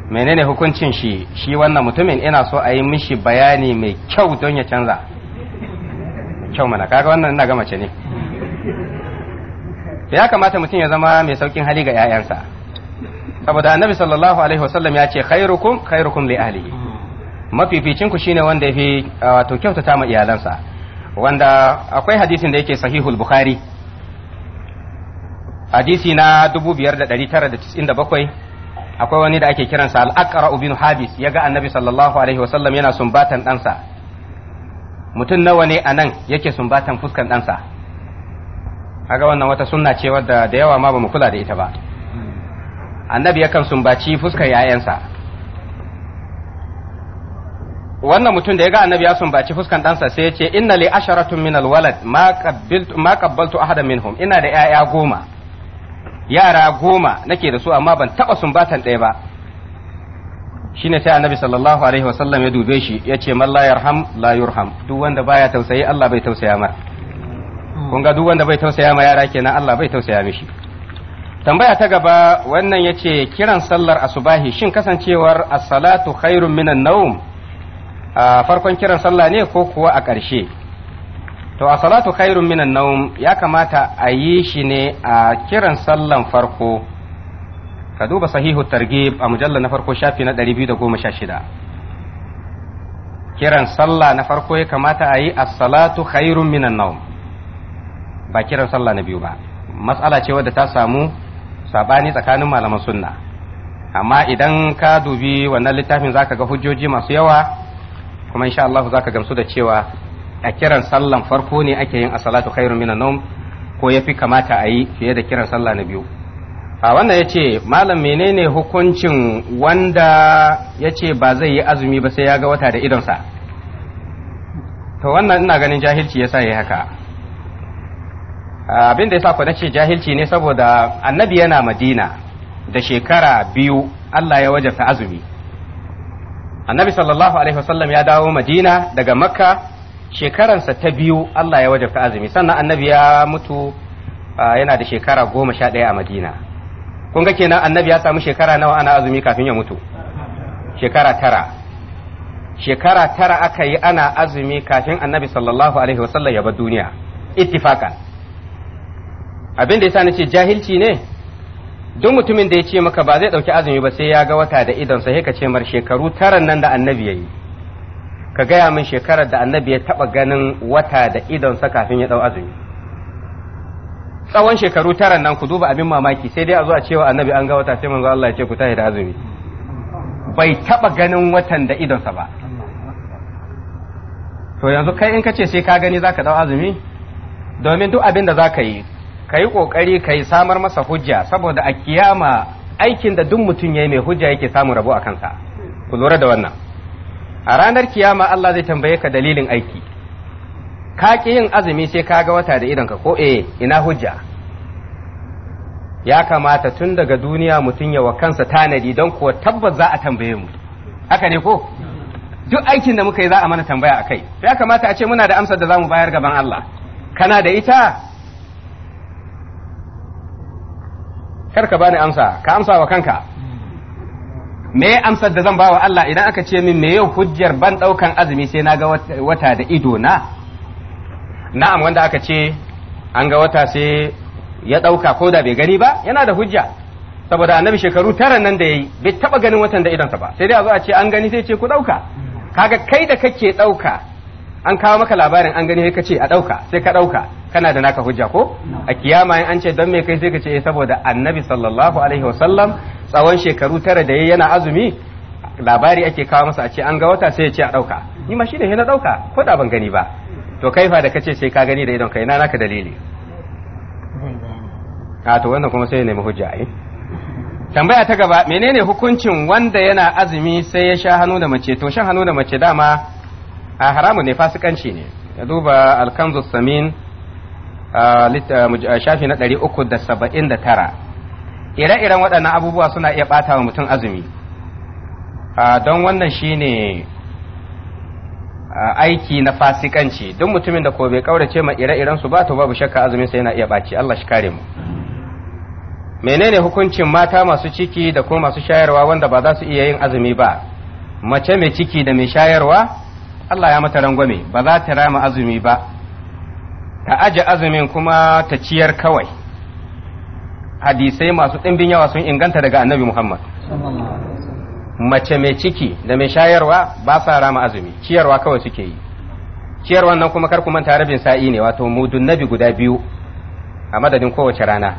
menene hukuncin shi shi wannan mutumin ina so a yi mishi bayani mai kyau don ya canza kyau mana kaga wannan ina gama ce ne ya kamata mutum ya zama mai saukin hali ga 'ya'yansa saboda annabi sallallahu alaihi wasallam ya ce khairukum khairukum li ahlihi mafificinku shine wanda yafi wato kyautata ma iyalansa wanda akwai hadisin da yake sahihul bukhari hadisi na 5997 akwai wani da ake kiransa al-aqra ibn habis yaga annabi sallallahu alaihi wasallam yana sumbatan ɗansa mutum nawa ne anan yake sumbatan fuskan ɗansa Aga wannan wata sunna ce wadda da yawa ma bamu kula da ita ba annabi yakan sumbaci fuskar yayansa wannan mutum da ya ga annabi ya sumbaci fuskan ɗansa sai ya ce inna li asharatun min alwalad ma qabbaltu ahadan minhum ina da yaya goma yara goma nake da su amma ban taba sumbatan ɗaya ba shine sai annabi sallallahu alaihi wasallam ya dube shi ya ce man la yarham la duk wanda baya tausayi Allah bai tausaya mara. Hmm. kun ga duk wanda bai tausaya ma yara kenan Allah bai tausaya mishi tambaya ta gaba wannan yace kiran sallar asubahi shin kasancewar as-salatu khairun minan nawm a farkon kiran sallah ne ko kuwa a ƙarshe to a salatu khairun minan ya kamata a yi shi ne a kiran sallan farko ka duba sahihu targhib a mujallar na farko shafi na 216 kiran sallah na farko ya kamata a yi as-salatu khairun minan ba kiran sallah na biyu ba matsala ce wadda ta samu sabani tsakanin malaman sunna amma idan ka dubi wannan littafin zaka ga hujjoji masu yawa kuma insha Allah zaka gamsu da cewa a kiran sallan farko ne ake yin asalatu salatu khairun minan nawm ko yafi kamata a yi fiye da kiran sallah na biyu a wannan ya ce malam menene hukuncin wanda ya ce ba zai yi azumi ba sai ya ga wata da idonsa to wannan ina ganin jahilci ya sa ya yi haka abin da sa ku nace jahilci ne saboda annabi yana madina da shekara biyu Allah ya wajarta azumi annabi sallallahu alaihi wasallam ya dawo madina daga makka shekaransa ta biyu Allah ya wajarta azumi sannan annabi ya mutu yana da shekara goma sha ɗaya a madina kun ga kenan annabi ya samu shekara nawa ana azumi kafin ya mutu shekara tara shekara tara aka yi ana azumi kafin annabi sallallahu alaihi wasallam ya bar duniya ittifakan abin da yasa nace jahilci ne duk mutumin da ya ce maka ba zai ɗauki azumi ba sai ya ga wata da idon sai ka ce mar shekaru taran nan da annabi ya yi ka gaya min shekarar da annabi ya taɓa ganin wata da idonsa kafin ya ɗau azumi tsawon shekaru taran nan ku duba abin mamaki sai dai a zo a cewa annabi an ga wata sai manzo Allah ya ce ku tahi da azumi bai taɓa ganin watan da idonsa ba to yanzu kai in ka ce sai ka gani zaka ɗau azumi domin duk abin da zaka yi ka yi ƙoƙari ka yi samar masa hujja saboda a kiyama aikin da duk mutum ya yi mai hujja yake samun rabo a kansa ku lura da wannan a ranar kiyama Allah zai tambaye ka dalilin aiki ka ƙi yin azumi sai ka ga wata da ka ko eh ina hujja ya kamata tun daga duniya mutum ya wa kansa tanadi don kuwa tabbas za a tambaye mu haka ne ko duk aikin da muka yi za a mana tambaya a kai ya kamata a ce muna da amsar da za mu bayar gaban Allah kana da ita kar ka bani amsa ka amsa wa kanka me amsar da zan ba wa Allah idan aka ce min me yau hujjar ban daukan azumi sai na ga wata da ido na na'am wanda aka ce an ga wata sai ya dauka ko da bai gani ba yana da hujja saboda annabi shekaru tara nan da yayi bai taba ganin watan da idonsa ba sai dai a zo a ce an gani sai ce ku dauka kaga kai da kake dauka an kawo maka labarin an gani sai ka ce a dauka sai ka dauka kana da naka hujja ko a kiyama in an ce don me kai sai ka ce eh, saboda annabi sallallahu alaihi wasallam tsawon shekaru tara da yayi yana azumi labari ake kawo masa a ce an ga wata sai ya ce a dauka ni ma shine na dauka ko da ban gani ba to kai fa da kace sai ka gani da idon kai na naka dalili a to wannan kuma sai ya nemi hujja ai eh. tambaya ta gaba menene hukuncin wanda yana azumi sai ya sha hannu da mace to shan hannu da mace dama a haramu ne fasikanci ne ya duba alkanzus samin shafi na 379 ire-iren waɗannan abubuwa suna iya ɓata wa mutum azumi don wannan shine aiki na fasikanci duk mutumin da ko bai kaurace ma ire-iren su ba to babu shakka azumin sa yana iya ɓaci Allah shi kare mu menene hukuncin mata masu ciki da ko masu shayarwa wanda ba za su iya yin azumi ba mace mai ciki da mai shayarwa Allah ya mata rangwame ba za ta rama azumi ba ta aje azumin kuma ta ciyar kawai hadisai masu ɗimbin yawa sun inganta daga annabi muhammad mace mai ciki da mai shayarwa ba sa rama azumi ciyarwa kawai suke yi ciyarwa nan kuma kar kuma rabin sa'i ne wato mudun nabi guda biyu a madadin kowace rana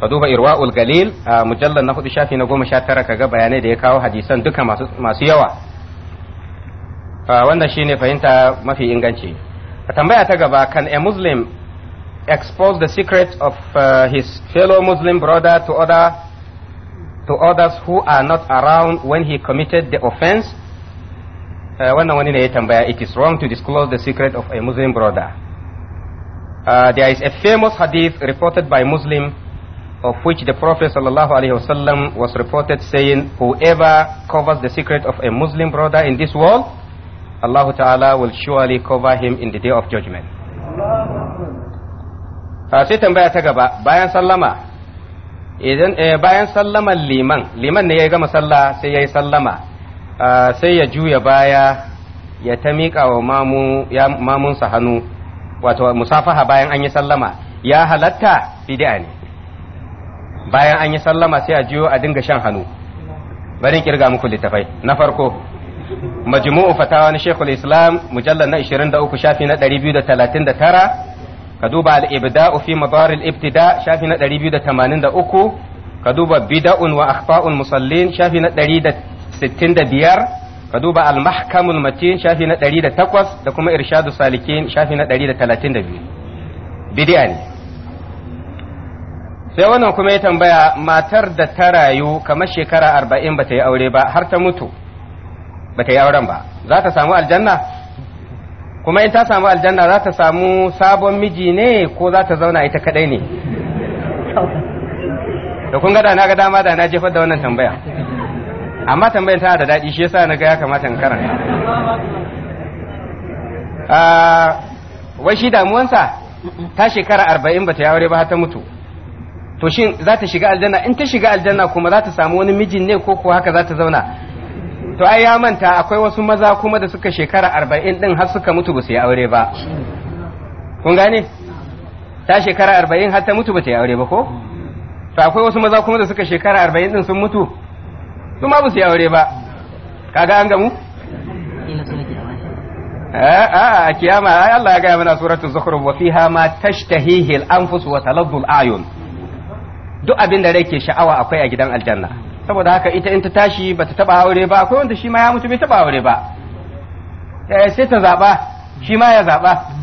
ka duba irwa'ul galil a mujallar na hudu shafi na goma sha tara kaga bayanai da ya kawo hadisan duka masu yawa wannan shine fahimta mafi inganci A tambaya ta gaba, can a Muslim expose the secret of uh, his fellow Muslim brother to other to others who are not around when he committed the offense? wannan uh, wani ne ya tambaya it is wrong to disclose the secret of a Muslim brother. Uh, there is a famous hadith reported by Muslim of which the Prophet sallallahu wasallam was reported saying, whoever covers the secret of a Muslim brother in this world, Allah ta'ala will surely cover him in the day of judgment. Ah, sai tambaya ta gaba bayan sallama idan eh, bayan sallaman liman liman ne ya gama sallah sai ya yi sallama ah, sai ya juya baya ya ta miƙa wa mamunsa hannu wato musafaha bayan an yi sallama ya halatta bid'a ne bayan an yi sallama sai a juyo a dinga shan hannu bari kirga muku littafai na farko majmu'u fatawa na shekul islam mujallar na 23 shafi na 239 ka duba al-ibda'u fi madaril ibtida shafi na 283 ka duba bida'un wa akhfa'ul musallin shafi na 165 ka duba al-mahkamul matin shafi na 108 da kuma irshadu salikin shafi na 132 bid'a ne sai wannan kuma ya tambaya matar da ta rayu kamar shekara 40 bata yi aure ba har ta mutu ba ta yi auren ba za ta samu aljanna kuma in ta samu aljanna za ta samu sabon miji ne ko za ta zauna ita kadai ne da kun gada na ga dama da na jefar da wannan tambaya amma tambayin ta da daɗi shi yasa na ga ya kamata in karanta ah, wai shi damuwansa ta shekara arba'in bata aure ba ta mutu to shin za ta shiga aljanna in ta shiga aljanna kuma za ta samu wani mijin ne ko kuwa haka za ta zauna to ai ya manta akwai wasu maza kuma da suka shekara arba'in din har suka mutu ba su yi aure ba kun gane ta shekara arba'in har ta mutu ba ta yi aure ba ko to akwai wasu maza kuma da suka shekara arba'in din sun mutu su ma ba su yi aure ba kaga an gamu eh, a a kiyama ai Allah ya gaya mana suratul zukhruf wa fiha ma tashtahihi al-anfus wa taladdu al-ayun duk abin da rake sha'awa akwai a gidan aljanna saboda haka ita in ta tashi ba ta taba aure ba akwai wanda shi ma ya mutu bai taba aure ba eh, sai ta zaba shi ma ya zaba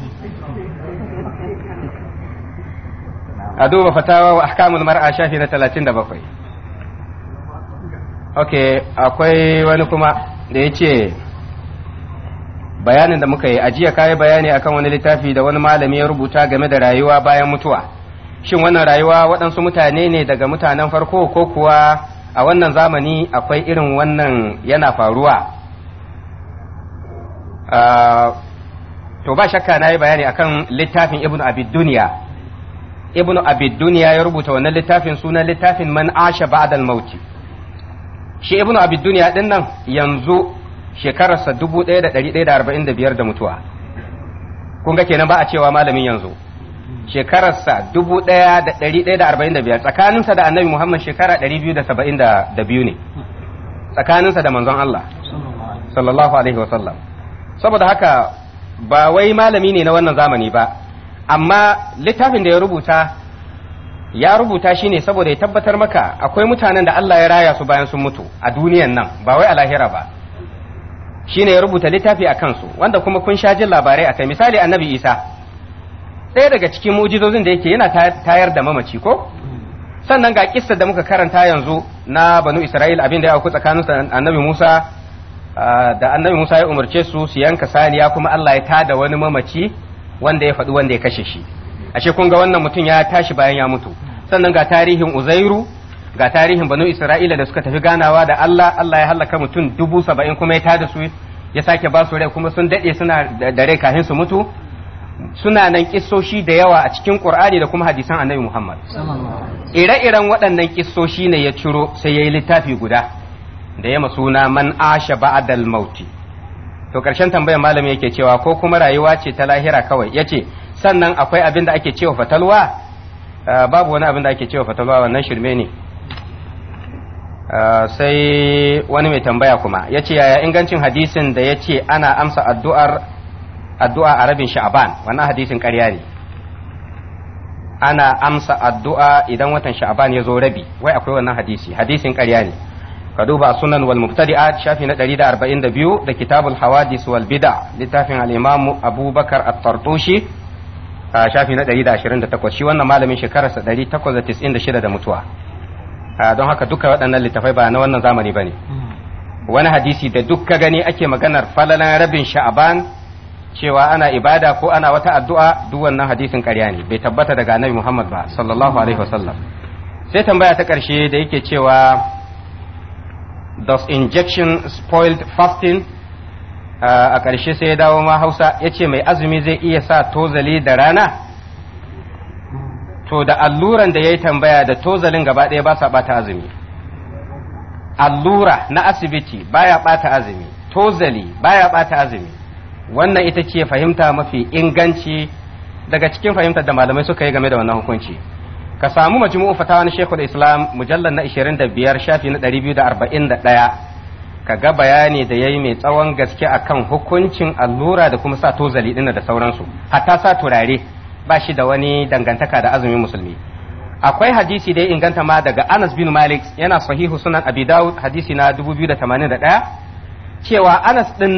Ado ba fatawa wa ahkamul mar'a shafi na 37 okay akwai wani kuma da yace bayanin da muka yi ajiya kai bayani akan wani littafi da wani malami ya rubuta game da rayuwa bayan mutuwa shin wannan rayuwa waɗansu mutane ne daga mutanen farko ko kuwa a wannan zamani akwai irin wannan yana faruwa to ba shakka na yi bayani akan littafin ibn abid duniya ibn abid duniya ya rubuta wannan littafin sunan littafin man asha ba'da mauti shi ibn abid duniya din nan yanzu shekararsa 1145 da mutuwa kun ga kenan ba a cewa malamin yanzu shekararsa 1145 tsakaninsa da annabi Muhammad shekara 272 ne tsakaninsa da manzon Allah sallallahu alaihi wasallam saboda haka ba wai malami ne na wannan zamani ba amma littafin da ya rubuta ya rubuta shi ne saboda ya tabbatar maka akwai mutanen da Allah ya raya su bayan sun mutu a duniyan nan ba wai a lahira ba shi ne ya rubuta littafi a kansu wanda kuma kun sha jin labarai a kai misali annabi isa ɗaya daga cikin mujizozin da yake yana tayar da mamaci ko sannan ga kissa da muka karanta yanzu na banu isra'il abin da ya auku tsakanin annabi musa da annabi musa ya umarce su su yanka saniya kuma allah ya tada wani mamaci wanda ya faɗi wanda ya kashe shi ashe kun ga wannan mutum ya tashi bayan ya mutu sannan ga tarihin uzairu ga tarihin banu isra'ila da suka tafi ganawa da allah allah ya halaka mutum dubu saba'in kuma ya tada su ya sake ba su rai kuma sun daɗe suna da rai kafin su mutu suna nan kissoshi da yawa a cikin Qur'ani da kuma hadisan Annabi Muhammad ire-iren waɗannan kissoshi ne ya ciro sai ya yi littafi guda da ya suna man asha ba'dal mauti to karshen tambayar malami yake cewa ko kuma rayuwa ce ta lahira kawai yace sannan akwai abin da ake cewa fatalwa babu wani abin da ake cewa fatalwa wannan shirme ne sai wani mai tambaya kuma yace yaya ingancin hadisin da yace ana amsa addu'ar addu'a a rabin sha'aban wannan hadisin ƙarya ne ana amsa addu'a idan watan sha'aban ya zo rabi wai akwai wannan hadisi hadisin ƙarya ne ka duba sunan wal mubtadi'at shafi na 142 da kitabul hawadis wal bid'a littafin al-imam abubakar at-tartushi shafi na 128 shi wannan malamin shekararsa 896 da mutuwa don haka duka waɗannan littafai ba na wannan zamani bane hmm. wani hadisi da duk ka gani ake maganar falalan rabin sha'aban cewa ana ibada ko ana wata addu'a duk wannan hadisin ƙarya ne bai tabbata daga annabi Muhammad ba sallallahu alaihi wasallam sai tambaya ta ƙarshe da yake cewa does injection spoiled fasting uh, a ƙarshe sai ya dawo ma Hausa yace mai azumi zai iya sa tozali da rana to da alluran da yayi tambaya da tozalin gaba ɗaya ba sa bata azumi allura na asibiti baya bata azumi tozali baya bata azumi wannan ita ce fahimta mafi inganci daga cikin fahimtar da malamai suka yi game da wannan hukunci ka samu majmu'u fatawa na Sheikhul Islam mujallal na 25 shafi na 241 ka ga bayani da yayi mai tsawon gaske akan hukuncin allura da kuma sa tozali dinna da sauransu hatta sa turare ba shi da wani dangantaka da azumin musulmi akwai hadisi da ya inganta ma daga Anas bin Malik yana sahihu sunan Abi Dawud hadisi na 2081 cewa Anas din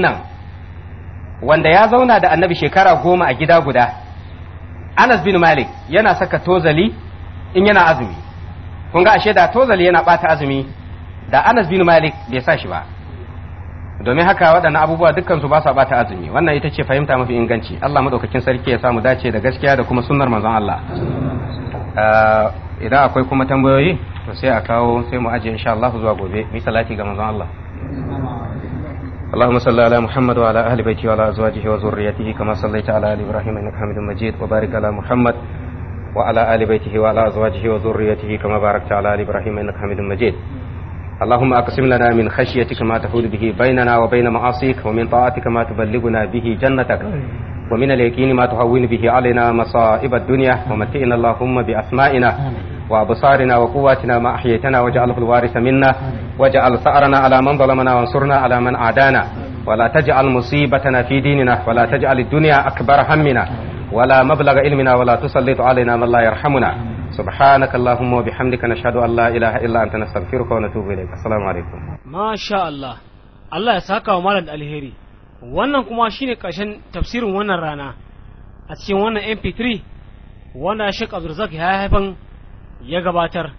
wanda ya zauna da annabi shekara goma a gida guda anas bin malik yana saka tozali in yana azumi kun ga ashe da tozali yana bata azumi da anas bin malik bai sa shi ba domin haka waɗannan abubuwa dukkan su ba su bata azumi wannan ita ce fahimta mafi inganci Allah madaukakin sarki ya samu dace da gaskiya da kuma sunnar manzon Allah eh, idan akwai kuma tambayoyi to sai a kawo sai mu aje insha Allah zuwa gobe mi salati ga manzon Allah اللهم صل على محمد وعلى اهل بيته وعلى ازواجه وذريته كما صليت على ال ابراهيم انك حميد مجيد وبارك على محمد وعلى ال بيته وعلى ازواجه وذريته كما باركت على ال ابراهيم انك حميد مجيد اللهم اقسم لنا من خشيتك ما تحول به بيننا وبين معاصيك ومن طاعتك ما تبلغنا به جنتك ومن اليقين ما تهون به علينا مصائب الدنيا ومتئنا اللهم باسمائنا وأبصارنا وقواتنا ما أحييتنا واجعله الوارث منا واجعل ثأرنا على من ظلمنا وانصرنا على من عادانا ولا تجعل مصيبتنا في ديننا ولا تجعل الدنيا أكبر همنا ولا مبلغ علمنا ولا تسلط علينا من لا يرحمنا سبحانك اللهم وبحمدك نشهد أن لا إله إلا أنت نستغفرك ونتوب إليك السلام عليكم ما شاء الله الله يساك ومالد الهيري wannan kuma shine ƙarshen tafsirin wannan rana a cikin wannan mp3 wanda Sheikh Abdulrazak ya haifan ya gabatar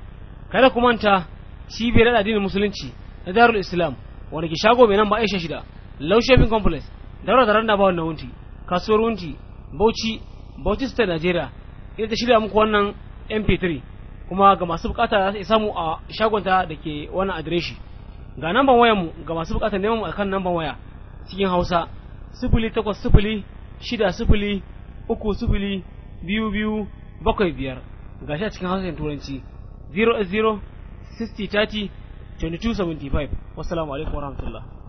kada ku manta cibiyar addinin musulunci na darul islam wanda ke shago mai nan ba aisha shida laushefin complex daura da randa ba wannan wunti kasuwar wunti bauchi bauchi state nigeria ita ta shirya muku wannan mp3 kuma ga masu bukata za su samu a shagonta da ke wannan adireshi ga namban wayan mu ga masu bukata neman mu akan namban waya cikin hausa sifili takwas sifili shida sifili uku sifili biyu biyu bakwai biyar gashi a cikin harshen turanci 0 0 60 30 22 75 wassalamu alaikum warahmatullahi